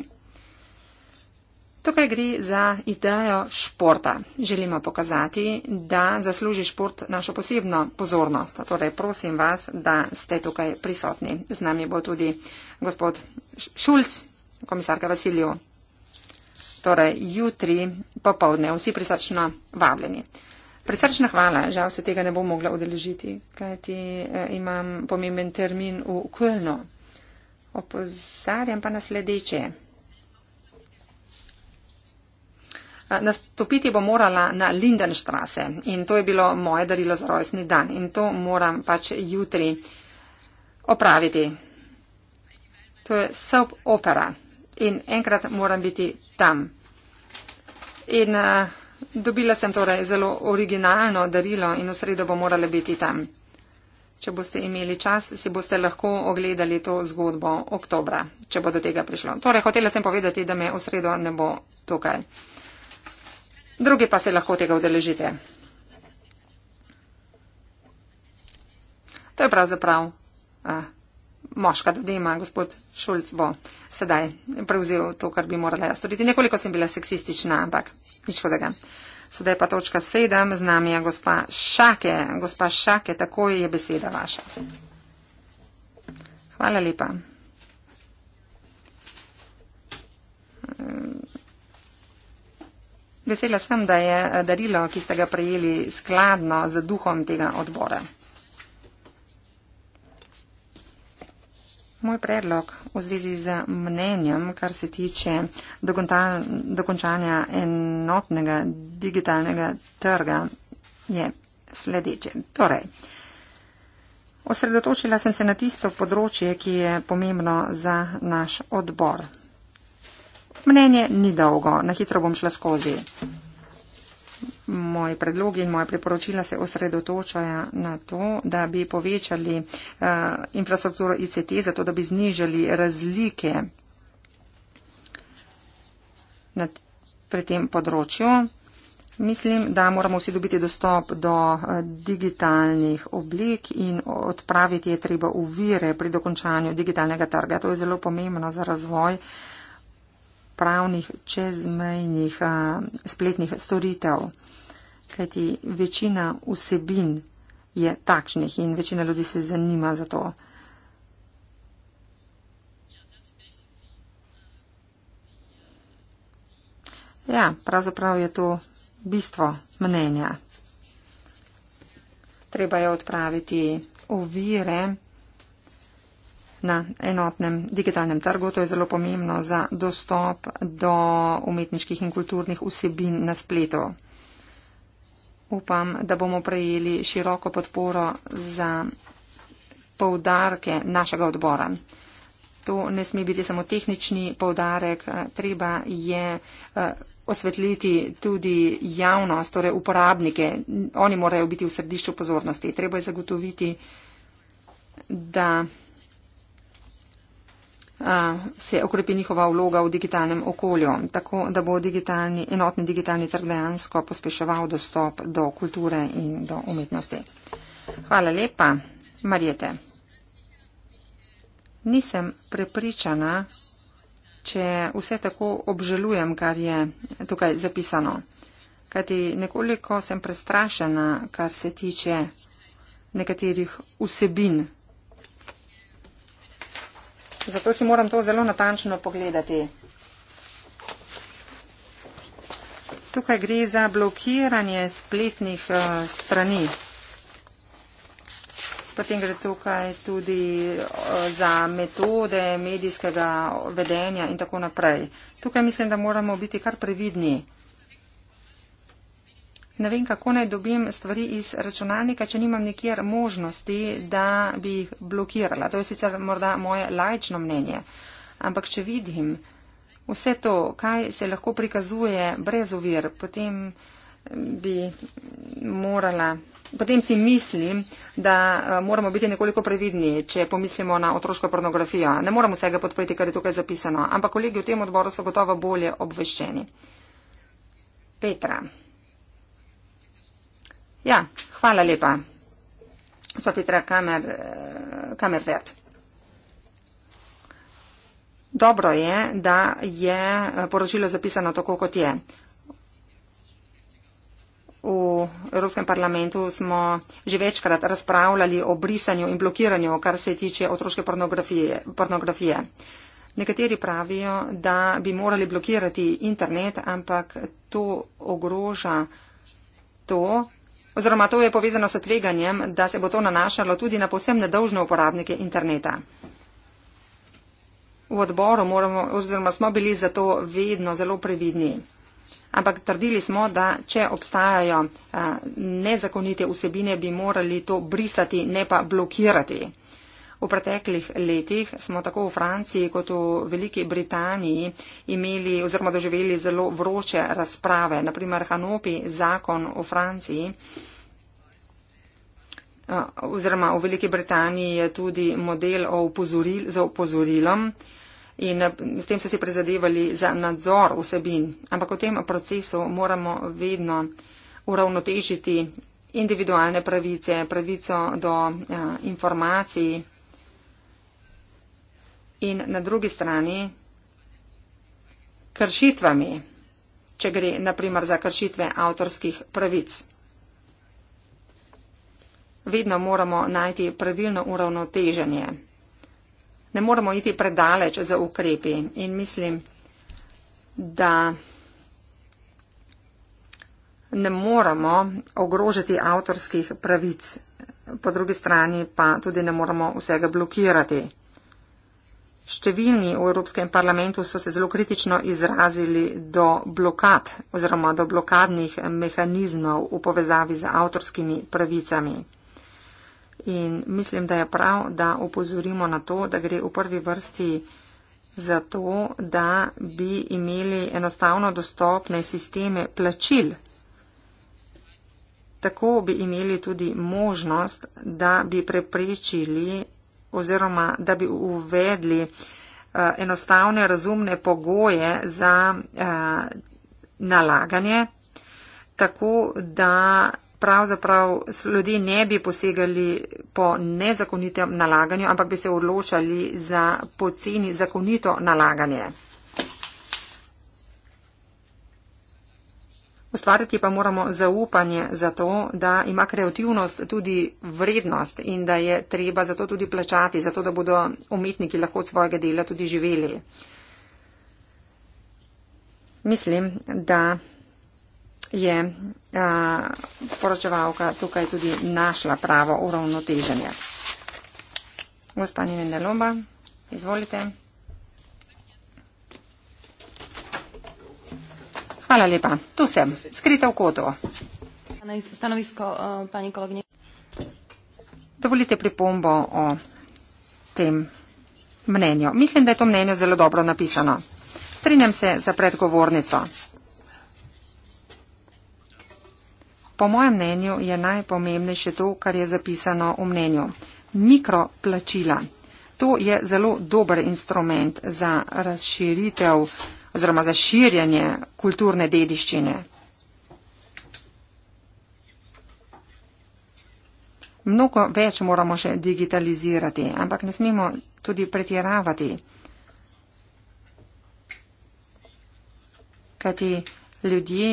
Tukaj gre za idejo športa. Želimo pokazati, da zasluži šport našo posebno pozornost. Torej, prosim vas, da ste tukaj prisotni. Z nami bo tudi gospod Šulc, komisarka Vasilju. Torej, jutri popovdne, vsi prisrčno vabljeni. Prisrčna hvala, žal se tega ne bom mogla odeležiti, kajti eh, imam pomemben termin v Kölno. Opozarjam pa nasledeče. Eh, nastopiti bom morala na Lindenstrasse in to je bilo moje darilo za rojstni dan in to moram pač jutri opraviti. To je soap opera in enkrat moram biti tam. In uh, dobila sem torej zelo originalno darilo in v sredo bo morala biti tam. Če boste imeli čas, si boste lahko ogledali to zgodbo oktobra, če bo do tega prišlo. Torej, hotela sem povedati, da me v sredo ne bo tukaj. Drugi pa se lahko tega udeležite. To je pravzaprav. Uh, moška do dima, gospod Šulc bo sedaj prevzel to, kar bi morala jaz storiti. Nekoliko sem bila seksistična, ampak nič hodega. Sedaj pa točka sedem, z nami je gospa Šake. Gospa Šake, tako je beseda vaša. Hvala lepa. Vesela sem, da je darilo, ki ste ga prejeli, skladno z duhom tega odbora. Moj predlog v zvezi z mnenjem, kar se tiče dokončanja enotnega digitalnega trga, je sledeče. Torej, osredotočila sem se na tisto področje, ki je pomembno za naš odbor. Mnenje ni dolgo, na hitro bom šla skozi. Moji predlogi in moja priporočila se osredotočajo na to, da bi povečali eh, infrastrukturo ICT, zato da bi znižali razlike pri tem področju. Mislim, da moramo vsi dobiti dostop do eh, digitalnih oblik in odpraviti je treba uvire pri dokončanju digitalnega trga. To je zelo pomembno za razvoj pravnih čezmejnih eh, spletnih storitev kajti večina vsebin je takšnih in večina ljudi se zanima za to. Ja, pravzaprav je to bistvo mnenja. Treba je odpraviti ovire na enotnem digitalnem trgu. To je zelo pomembno za dostop do umetniških in kulturnih vsebin na spletu upam, da bomo prejeli široko podporo za povdarke našega odbora. To ne sme biti samo tehnični povdarek, treba je eh, osvetliti tudi javnost, torej uporabnike. Oni morajo biti v središču pozornosti. Treba je zagotoviti, da se okrepi njihova vloga v digitalnem okolju, tako da bo digitalni, enotni digitalni trg dejansko pospeševal dostop do kulture in do umetnosti. Hvala lepa, Marijete. Nisem prepričana, če vse tako obžalujem, kar je tukaj zapisano. Kajti nekoliko sem prestrašena, kar se tiče nekaterih vsebin zato si moram to zelo natančno pogledati. Tukaj gre za blokiranje spletnih uh, strani. Potem gre tukaj tudi uh, za metode medijskega vedenja in tako naprej. Tukaj mislim, da moramo biti kar previdni ne vem, kako naj dobim stvari iz računalnika, če nimam nikjer možnosti, da bi jih blokirala. To je sicer morda moje lajčno mnenje, ampak če vidim vse to, kaj se lahko prikazuje brez uvir, potem eh, bi morala. Potem si mislim, da eh, moramo biti nekoliko previdni, če pomislimo na otroško pornografijo. Ne moramo vsega podpreti, kar je tukaj zapisano, ampak kolegi v tem odboru so gotovo bolje obveščeni. Petra. Ja, hvala lepa. So Petra kamer, eh, Kamerwert. Dobro je, da je eh, poročilo zapisano tako, kot je. V Evropskem parlamentu smo že večkrat razpravljali o brisanju in blokiranju, kar se tiče otroške pornografije. pornografije. Nekateri pravijo, da bi morali blokirati internet, ampak to ogroža to, Oziroma to je povezano s tveganjem, da se bo to nanašalo tudi na posem nedolžne uporabnike interneta. V odboru moramo, oziroma smo bili zato vedno zelo previdni. Ampak trdili smo, da če obstajajo eh, nezakonite vsebine, bi morali to brisati, ne pa blokirati. V preteklih letih smo tako v Franciji kot v Veliki Britaniji imeli oziroma doživeli zelo vroče razprave. Naprimer, Hanopi zakon v Franciji oziroma v Veliki Britaniji je tudi model upozoril, za upozorilom in s tem so si prizadevali za nadzor vsebin. Ampak v tem procesu moramo vedno uravnotežiti individualne pravice, pravico do informacij in na drugi strani kršitvami, če gre naprimer za kršitve avtorskih pravic. Vedno moramo najti pravilno uravnoteženje. Ne moramo iti predaleč za ukrepi in mislim, da ne moramo ogrožiti avtorskih pravic, po drugi strani pa tudi ne moramo vsega blokirati. Številni v Evropskem parlamentu so se zelo kritično izrazili do blokad oziroma do blokadnih mehanizmov v povezavi z avtorskimi pravicami. In mislim, da je prav, da upozorimo na to, da gre v prvi vrsti za to, da bi imeli enostavno dostopne sisteme plačil. Tako bi imeli tudi možnost, da bi preprečili oziroma da bi uvedli eh, enostavne razumne pogoje za eh, nalaganje, tako da pravzaprav ljudi ne bi posegali po nezakonitem nalaganju, ampak bi se odločali za poceni zakonito nalaganje. Ustvariti pa moramo zaupanje za to, da ima kreativnost tudi vrednost in da je treba za to tudi plačati, zato da bodo umetniki lahko od svojega dela tudi živeli. Mislim, da je a, poročevalka tukaj tudi našla pravo uravnoteženje. Gospa Nina Lomba, izvolite. Hvala lepa. Tu sem, skrita v kotu. Eh, Dovolite pripombo o tem mnenju. Mislim, da je to mnenje zelo dobro napisano. Strinjam se za predgovornico. Po mojem mnenju je najpomembnejše to, kar je zapisano v mnenju. Mikroplačila. To je zelo dober instrument za razširitev oziroma za širjanje kulturne dediščine. Mnogo več moramo še digitalizirati, ampak ne smemo tudi pretiravati. Kajti ljudje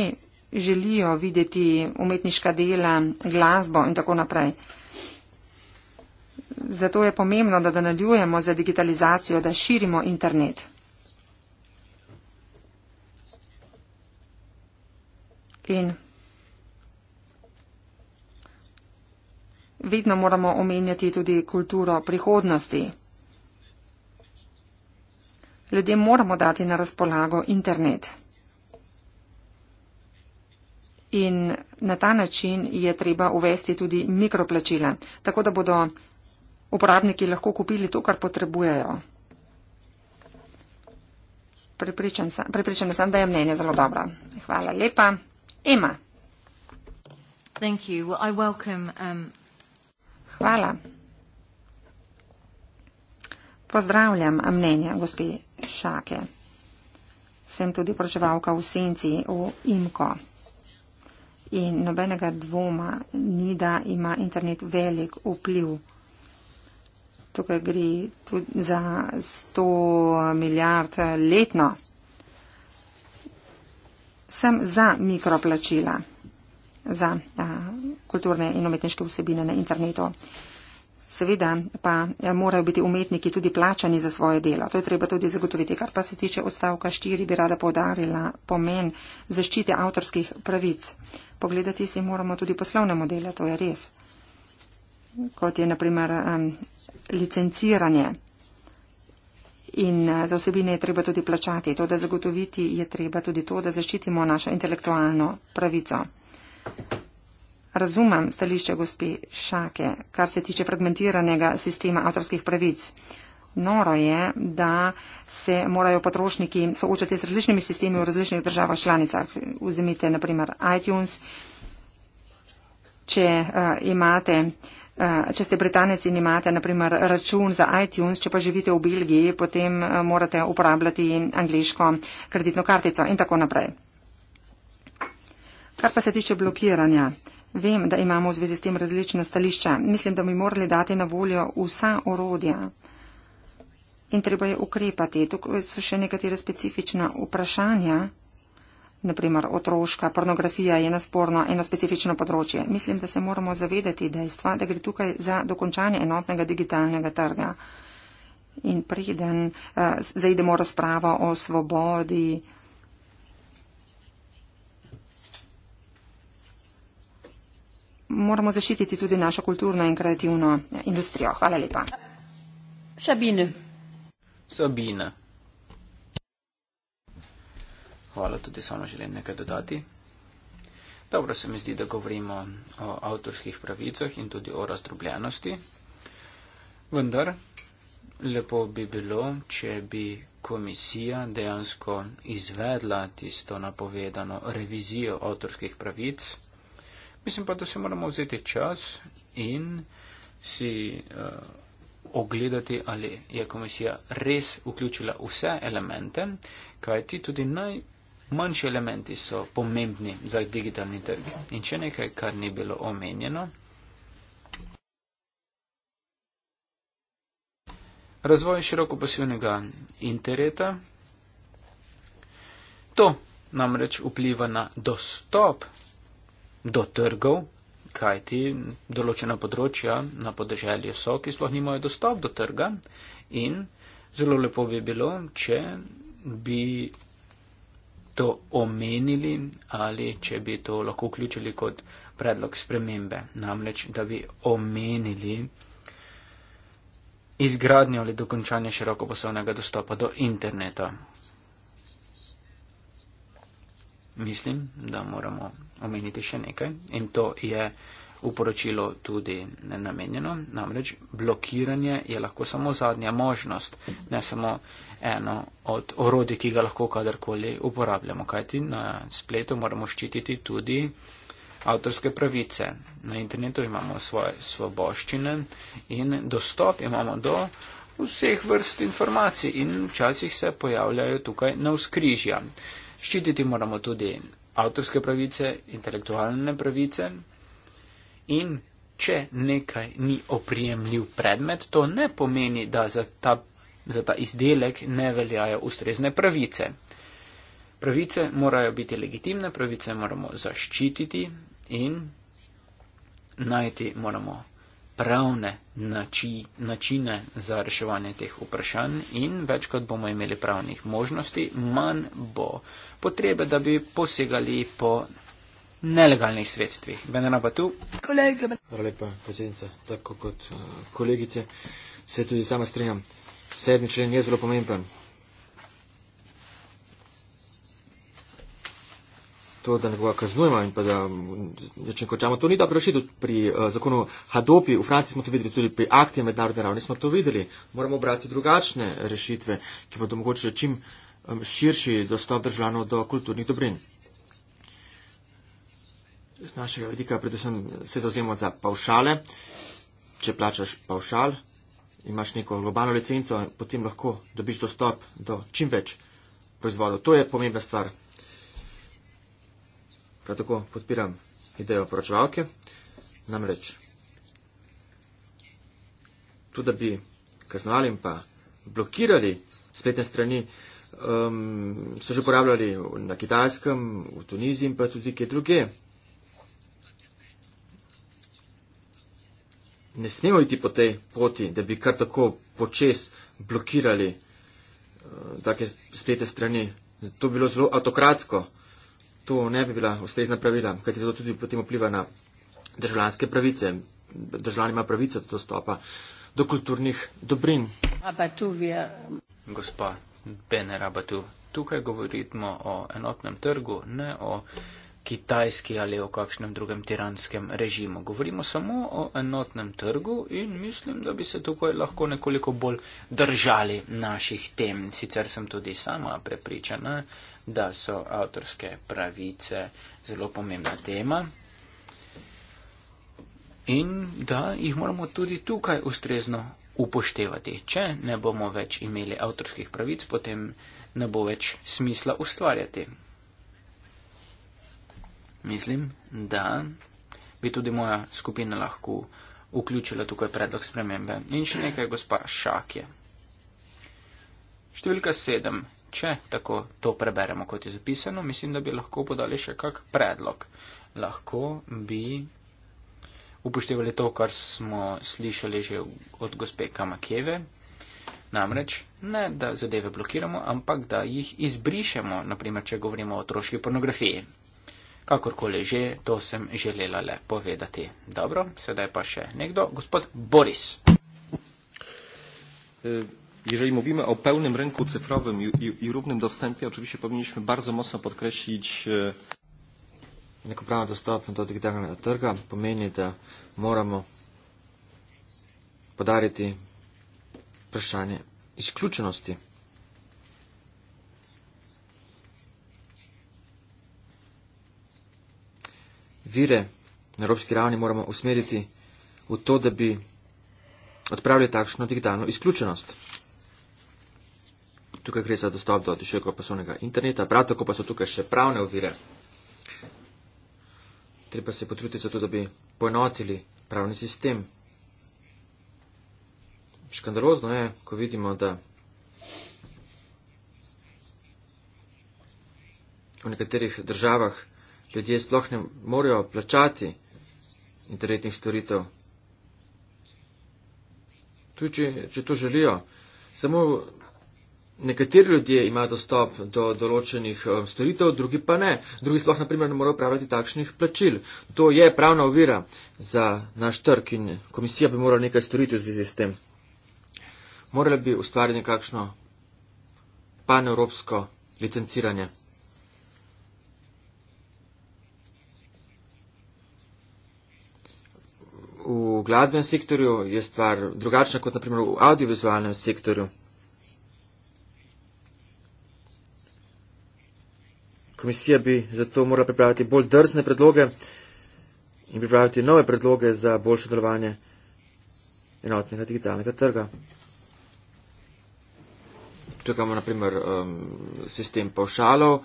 želijo videti umetniška dela, glasbo in tako naprej. Zato je pomembno, da nadaljujemo za digitalizacijo, da širimo internet. in vedno moramo omenjati tudi kulturo prihodnosti. Ljudem moramo dati na razpolago internet. In na ta način je treba uvesti tudi mikroplačila, tako da bodo uporabniki lahko kupili to, kar potrebujejo. Prepričana sem, da je mnenje zelo dobro. Hvala lepa. Emma. Thank you. Well, I welcome, um... Hvala. Pozdravljam mnenje gospe Šake. Sem tudi proževalka v senci v Imko. In nobenega dvoma ni, da ima internet velik vpliv. Tukaj gre tudi za 100 milijard letno sem za mikroplačila za a, kulturne in umetniške vsebine na internetu. Seveda pa morajo biti umetniki tudi plačani za svoje delo. To je treba tudi zagotoviti. Kar pa se tiče odstavka 4, bi rada podarila pomen zaščite avtorskih pravic. Pogledati si moramo tudi poslovne modele, to je res. Kot je naprimer um, licenciranje in eh, za osebine je treba tudi plačati. To, da zagotoviti je treba tudi to, da zaščitimo našo intelektualno pravico. Razumem stališče gospe Šake, kar se tiče fragmentiranega sistema avtorskih pravic. Noro je, da se morajo potrošniki soočati z različnimi sistemi v različnih državah članicah. Vzemite, na primer, iTunes. Če uh, imate uh, Eh, če ste Britanec in imate, naprimer, račun za iTunes, če pa živite v Belgiji, potem eh, morate uporabljati angliško kreditno kartico in tako naprej. Kar pa se tiče blokiranja. Vem, da imamo v zvezi s tem različna stališča. Mislim, da bi morali dati na voljo vsa orodja. In treba je ukrepati. Tukaj so še nekatere specifična vprašanja naprimer otroška pornografija je nasporno eno specifično področje. Mislim, da se moramo zavedati dejstva, da gre tukaj za dokončanje enotnega digitalnega trga. In priden uh, eh, zaidemo razpravo o svobodi. Moramo zaščititi tudi našo kulturno in kreativno industrijo. Hvala lepa. Sabine. Sabine hvala, tudi samo želim nekaj dodati. Dobro se mi zdi, da govorimo o avtorskih pravicah in tudi o razdrobljenosti. Vendar, lepo bi bilo, če bi komisija dejansko izvedla tisto napovedano revizijo avtorskih pravic. Mislim pa, da se moramo vzeti čas in si uh, ogledati, ali je komisija res vključila vse elemente, kajti tudi naj manjši elementi so pomembni za digitalni trg. In če nekaj, kar ni bilo omenjeno. Razvoj široko pasivnega interneta. To namreč vpliva na dostop do trgov, kajti določena področja na podeželju so, ki sploh nimajo dostop do trga in zelo lepo bi bilo, če bi to omenili ali če bi to lahko vključili kot predlog spremembe. Namreč, da bi omenili izgradnjo ali dokončanje širokoposobnega dostopa do interneta. Mislim, da moramo omeniti še nekaj in to je v poročilu tudi namenjeno. Namreč blokiranje je lahko samo zadnja možnost, ne samo eno od orodij, ki ga lahko kadarkoli uporabljamo. Kajti na spletu moramo ščititi tudi avtorske pravice. Na internetu imamo svoje svoboščine in dostop imamo do vseh vrst informacij in včasih se pojavljajo tukaj na vzkrižja. Ščititi moramo tudi avtorske pravice, intelektualne pravice, In če nekaj ni oprijemljiv predmet, to ne pomeni, da za ta, za ta izdelek ne veljajo ustrezne pravice. Pravice morajo biti legitimne, pravice moramo zaščititi in najti moramo pravne nači, načine za reševanje teh vprašanj in več kot bomo imeli pravnih možnosti, manj bo potrebe, da bi posegali po nelegalnih sredstvih. Venera pa tu. Kolega. Hvala lepa, predsednica, tako kot uh, kolegice. Se tudi sama strinjam. Sedmi člen je zelo pomemben. To, da nekoga kaznujemo in pa da nečem mm, kočamo, to ni dobro rešitev. Pri uh, zakonu Hadopi v Franciji smo to videli, tudi pri akti mednarodne ravni smo to videli. Moramo brati drugačne rešitve, ki bodo mogoče čim um, širši dostop državljanov do kulturnih dobrin z našega vidika predvsem se zauzemamo za paušale. Če plačaš paušal, imaš neko globalno licenco, potem lahko dobiš dostop do čim več proizvodov. To je pomembna stvar. Prav tako podpiram idejo poročevalke. Namreč, tudi da bi kaznovali in pa blokirali spletne strani, um, so že uporabljali na Kitajskem, v Tuniziji in pa tudi kje druge. ne smemo iti po tej poti, da bi kar tako počes blokirali uh, take spletne strani. To bi bilo zelo autokratsko. To ne bi bila ustrezna pravila, kajti to tudi potem vpliva na državljanske pravice. Državljani imajo pravico do dostopa do kulturnih dobrin. Gospa Benera, tu. tukaj govorimo o enotnem trgu, ne o kitajski ali o kakšnem drugem tiranskem režimu. Govorimo samo o enotnem trgu in mislim, da bi se tukaj lahko nekoliko bolj držali naših tem. Sicer sem tudi sama prepričana, da so avtorske pravice zelo pomembna tema. In da jih moramo tudi tukaj ustrezno upoštevati. Če ne bomo več imeli avtorskih pravic, potem ne bo več smisla ustvarjati mislim, da bi tudi moja skupina lahko vključila tukaj predlog spremembe. In še nekaj, gospa Šakje. Številka sedem. Če tako to preberemo, kot je zapisano, mislim, da bi lahko podali še kak predlog. Lahko bi upoštevali to, kar smo slišali že od gospe Kamakeve. Namreč ne, da zadeve blokiramo, ampak da jih izbrišemo, naprimer, če govorimo o otroški pornografiji. Kakorkoli že, to sem želela le povedati. Dobro, sedaj pa še nekdo, gospod Boris. E, jeżeli mówimy o pełnym rynku cyfrowym i, i, i równym dostępie, oczywiście powinniśmy bardzo mocno podkreślić e, niekoprawny dostęp do digitalnego targa. Pomieni, że możemy podarzyć przeszanie i skluczoności. vire na evropski ravni moramo usmeriti v to, da bi odpravili takšno digitalno izključenost. Tukaj gre za dostop do širokega poslovnega interneta, prav tako pa so tukaj še pravne ovire. Treba se potruditi za to, da bi poenotili pravni sistem. Škandalozno je, ko vidimo, da v nekaterih državah ljudje sploh ne morejo plačati internetnih storitev. Tudi, če, če to želijo. Samo nekateri ljudje imajo dostop do določenih eh, storitev, drugi pa ne. Drugi sploh naprimer ne morejo upravljati takšnih plačil. To je pravna ovira za naš trg in komisija bi morala nekaj storiti v zvezi s tem. Morali bi ustvariti nekakšno paneuropsko licenciranje. glasbenem sektorju je stvar drugačna kot naprimer v audiovizualnem sektorju. Komisija bi zato morala pripraviti bolj drzne predloge in pripraviti nove predloge za boljše delovanje enotnega digitalnega trga. Tukaj imamo naprimer um, sistem pavšalov,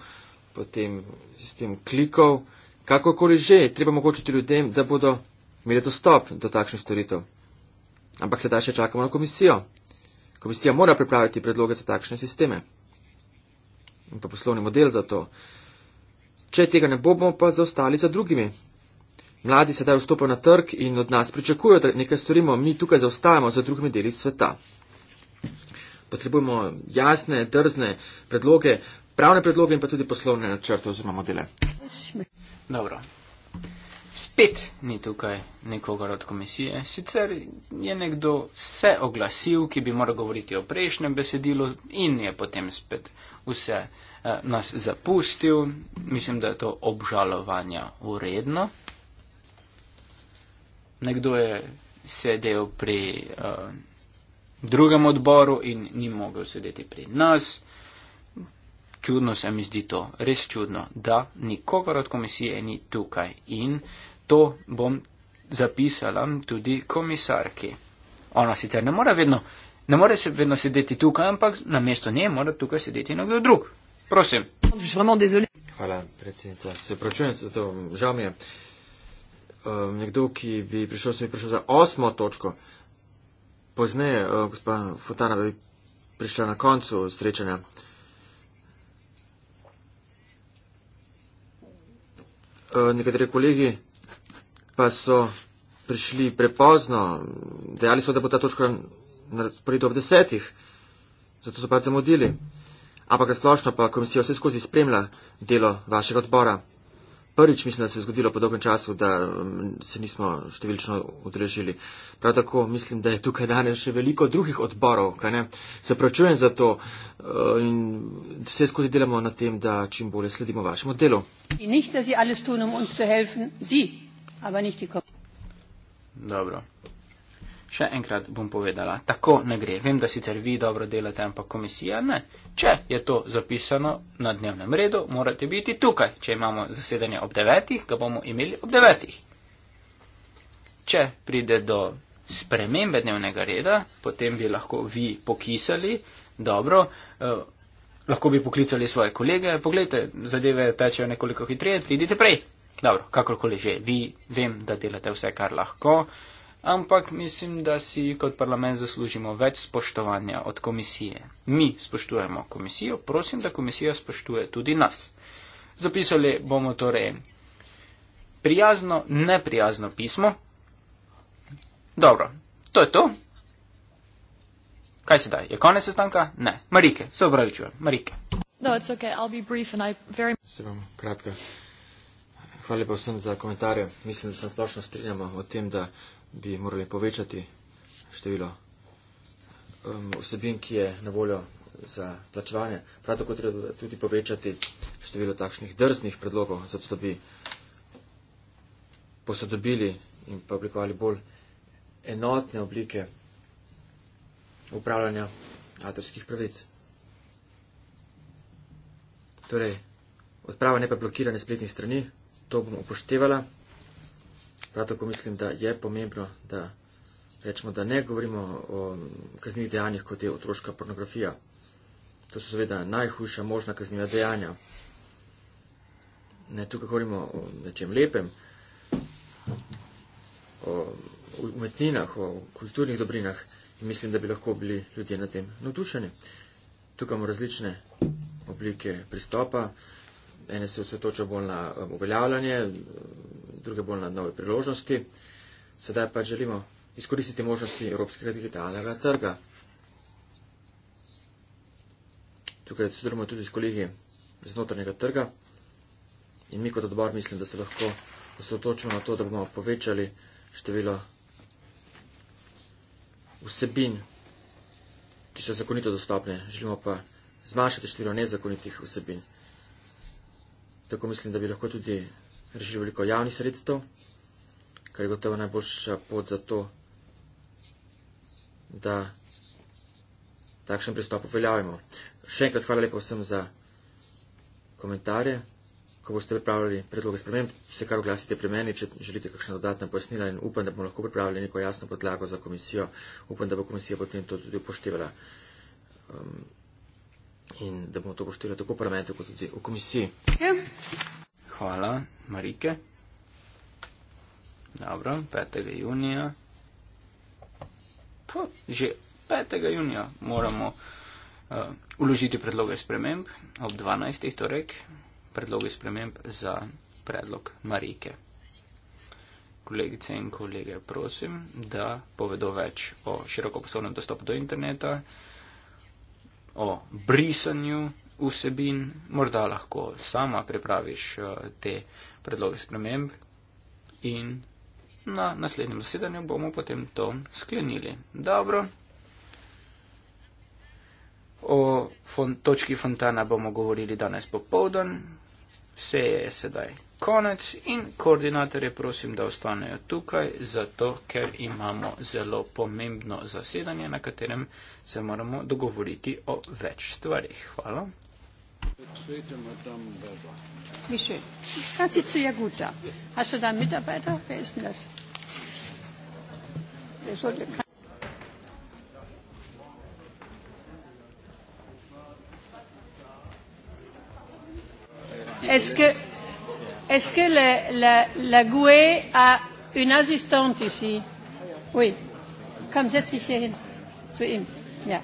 potem sistem klikov, kakorkoli že, treba mogoče ljudem, da bodo imeli dostop do takšnih storitev. Ampak sedaj še čakamo na komisijo. Komisija mora pripraviti predloge za takšne sisteme in pa poslovni model za to. Če tega ne bomo, pa zaostali za drugimi. Mladi sedaj vstopajo na trg in od nas pričakujejo, da nekaj storimo, mi tukaj zaostajamo za drugimi deli sveta. Potrebujemo jasne, drzne predloge, pravne predloge in pa tudi poslovne načrte oziroma modele. Dobro. Spet ni tukaj nikogar od komisije, sicer je nekdo vse oglasil, ki bi moral govoriti o prejšnjem besedilu in je potem spet vse eh, nas zapustil. Mislim, da je to obžalovanja uredno. Nekdo je sedel pri eh, drugem odboru in ni mogel sedeti pri nas čudno se mi zdi to, res čudno, da nikogar od komisije ni tukaj in to bom zapisala tudi komisarki. Ona sicer ne more, vedno, ne more se vedno sedeti tukaj, ampak na mesto nje mora tukaj sedeti nekdo drug. Prosim. Hvala, predsednica. Se pravčujem, žal mi je. Um, nekdo, ki bi prišel, se bi prišel za osmo točko. Pozneje, uh, gospa Futana, bi prišla na koncu srečanja. Eh, nekateri kolegi pa so prišli prepozno, dejali so, da bo ta točka na sporedu ob desetih, zato so pa zamudili. Ampak razplošno pa komisija vse skozi spremlja delo vašega odbora prvič, mislim, da se je zgodilo po dolgem času, da um, se nismo številčno odrežili. Prav tako mislim, da je tukaj danes še veliko drugih odborov, kaj ne? Se pravčujem za to uh, in vse skozi delamo na tem, da čim bolje sledimo vašemu delu. Um Dobro. Še enkrat bom povedala, tako ne gre. Vem, da sicer vi dobro delate, ampak komisija ne. Če je to zapisano na dnevnem redu, morate biti tukaj. Če imamo zasedanje ob devetih, ga bomo imeli ob devetih. Če pride do spremembe dnevnega reda, potem bi lahko vi pokisali, dobro, eh, lahko bi poklicali svoje kolege, pogledajte, zadeve tečejo nekoliko hitreje, pridite prej. Dobro, kakorkoli že, vi vem, da delate vse, kar lahko ampak mislim, da si kot parlament zaslužimo več spoštovanja od komisije. Mi spoštujemo komisijo, prosim, da komisija spoštuje tudi nas. Zapisali bomo torej prijazno, neprijazno pismo. Dobro, to je to. Kaj se da? Je konec sestanka? Ne. Marike, se upravičujem. Marike. No, it's okay, I'll be brief and I very. Se bom kratka. Hvala lepa vsem za komentarje. Mislim, da se splošno strinjamo o tem, da bi morali povečati število um, vsebin, ki je na voljo za plačevanje. Prav tako treba tudi povečati število takšnih drznih predlogov, zato da bi posodobili in pa oblikovali bolj enotne oblike upravljanja avtorskih pravic. Torej, odprava ne pa blokiranje spletnih strani, to bom upoštevala. Prav tako mislim, da je pomembno, da rečemo, da ne govorimo o kaznjih dejanjih, kot je otroška pornografija. To so seveda najhujša možna kaznjiva dejanja. Ne, tukaj govorimo o nečem lepem, o umetninah, o kulturnih dobrinah in mislim, da bi lahko bili ljudje na tem navdušeni. Tukaj imamo različne oblike pristopa. Uh, ene se osvetočajo bolj na um, uveljavljanje, druge bolj na nove priložnosti. Sedaj pa želimo izkoristiti možnosti evropskega digitalnega trga. Tukaj sodelujemo tudi s kolegi iz notranjega trga in mi kot odbor mislim, da se lahko osvetočimo na to, da bomo povečali število vsebin, ki so zakonito dostopne. Želimo pa zmanjšati število nezakonitih vsebin tako mislim, da bi lahko tudi rešili veliko javnih sredstev, kar je gotovo najboljša pot za to, da takšen pristop uveljavimo. Še enkrat hvala lepo vsem za komentarje. Ko boste pripravljali predloge sprememb, se kar oglasite pri meni, če želite kakšna dodatna pojasnila in upam, da bomo lahko pripravili neko jasno podlago za komisijo. Upam, da bo komisija potem to tudi upoštevala. Um, in da bomo to poštevali tako v parlamentu kot tudi v komisiji. Ja. Hvala, Marike. Dobro, 5. junija. Puh, že 5. junija moramo uložiti eh, uh, predloge sprememb ob 12. torek, predloge sprememb za predlog Marike. Kolegice in kolege, prosim, da povedo več o širokoposobnem dostopu do interneta o brisanju vsebin, morda lahko sama pripraviš eh, te predloge sprememb in na naslednjem zasedanju bomo potem to sklenili. Dobro. O fon točki fontana bomo govorili danes popovdan. Vse je sedaj konec in koordinatorje prosim, da ostanejo tukaj, zato ker imamo zelo pomembno zasedanje, na katerem se moramo dogovoriti o več stvarih. Hvala. Es que... Est-ce que la, la, la GUE a une assistante ici Oui. Comme c'est ici. Yeah.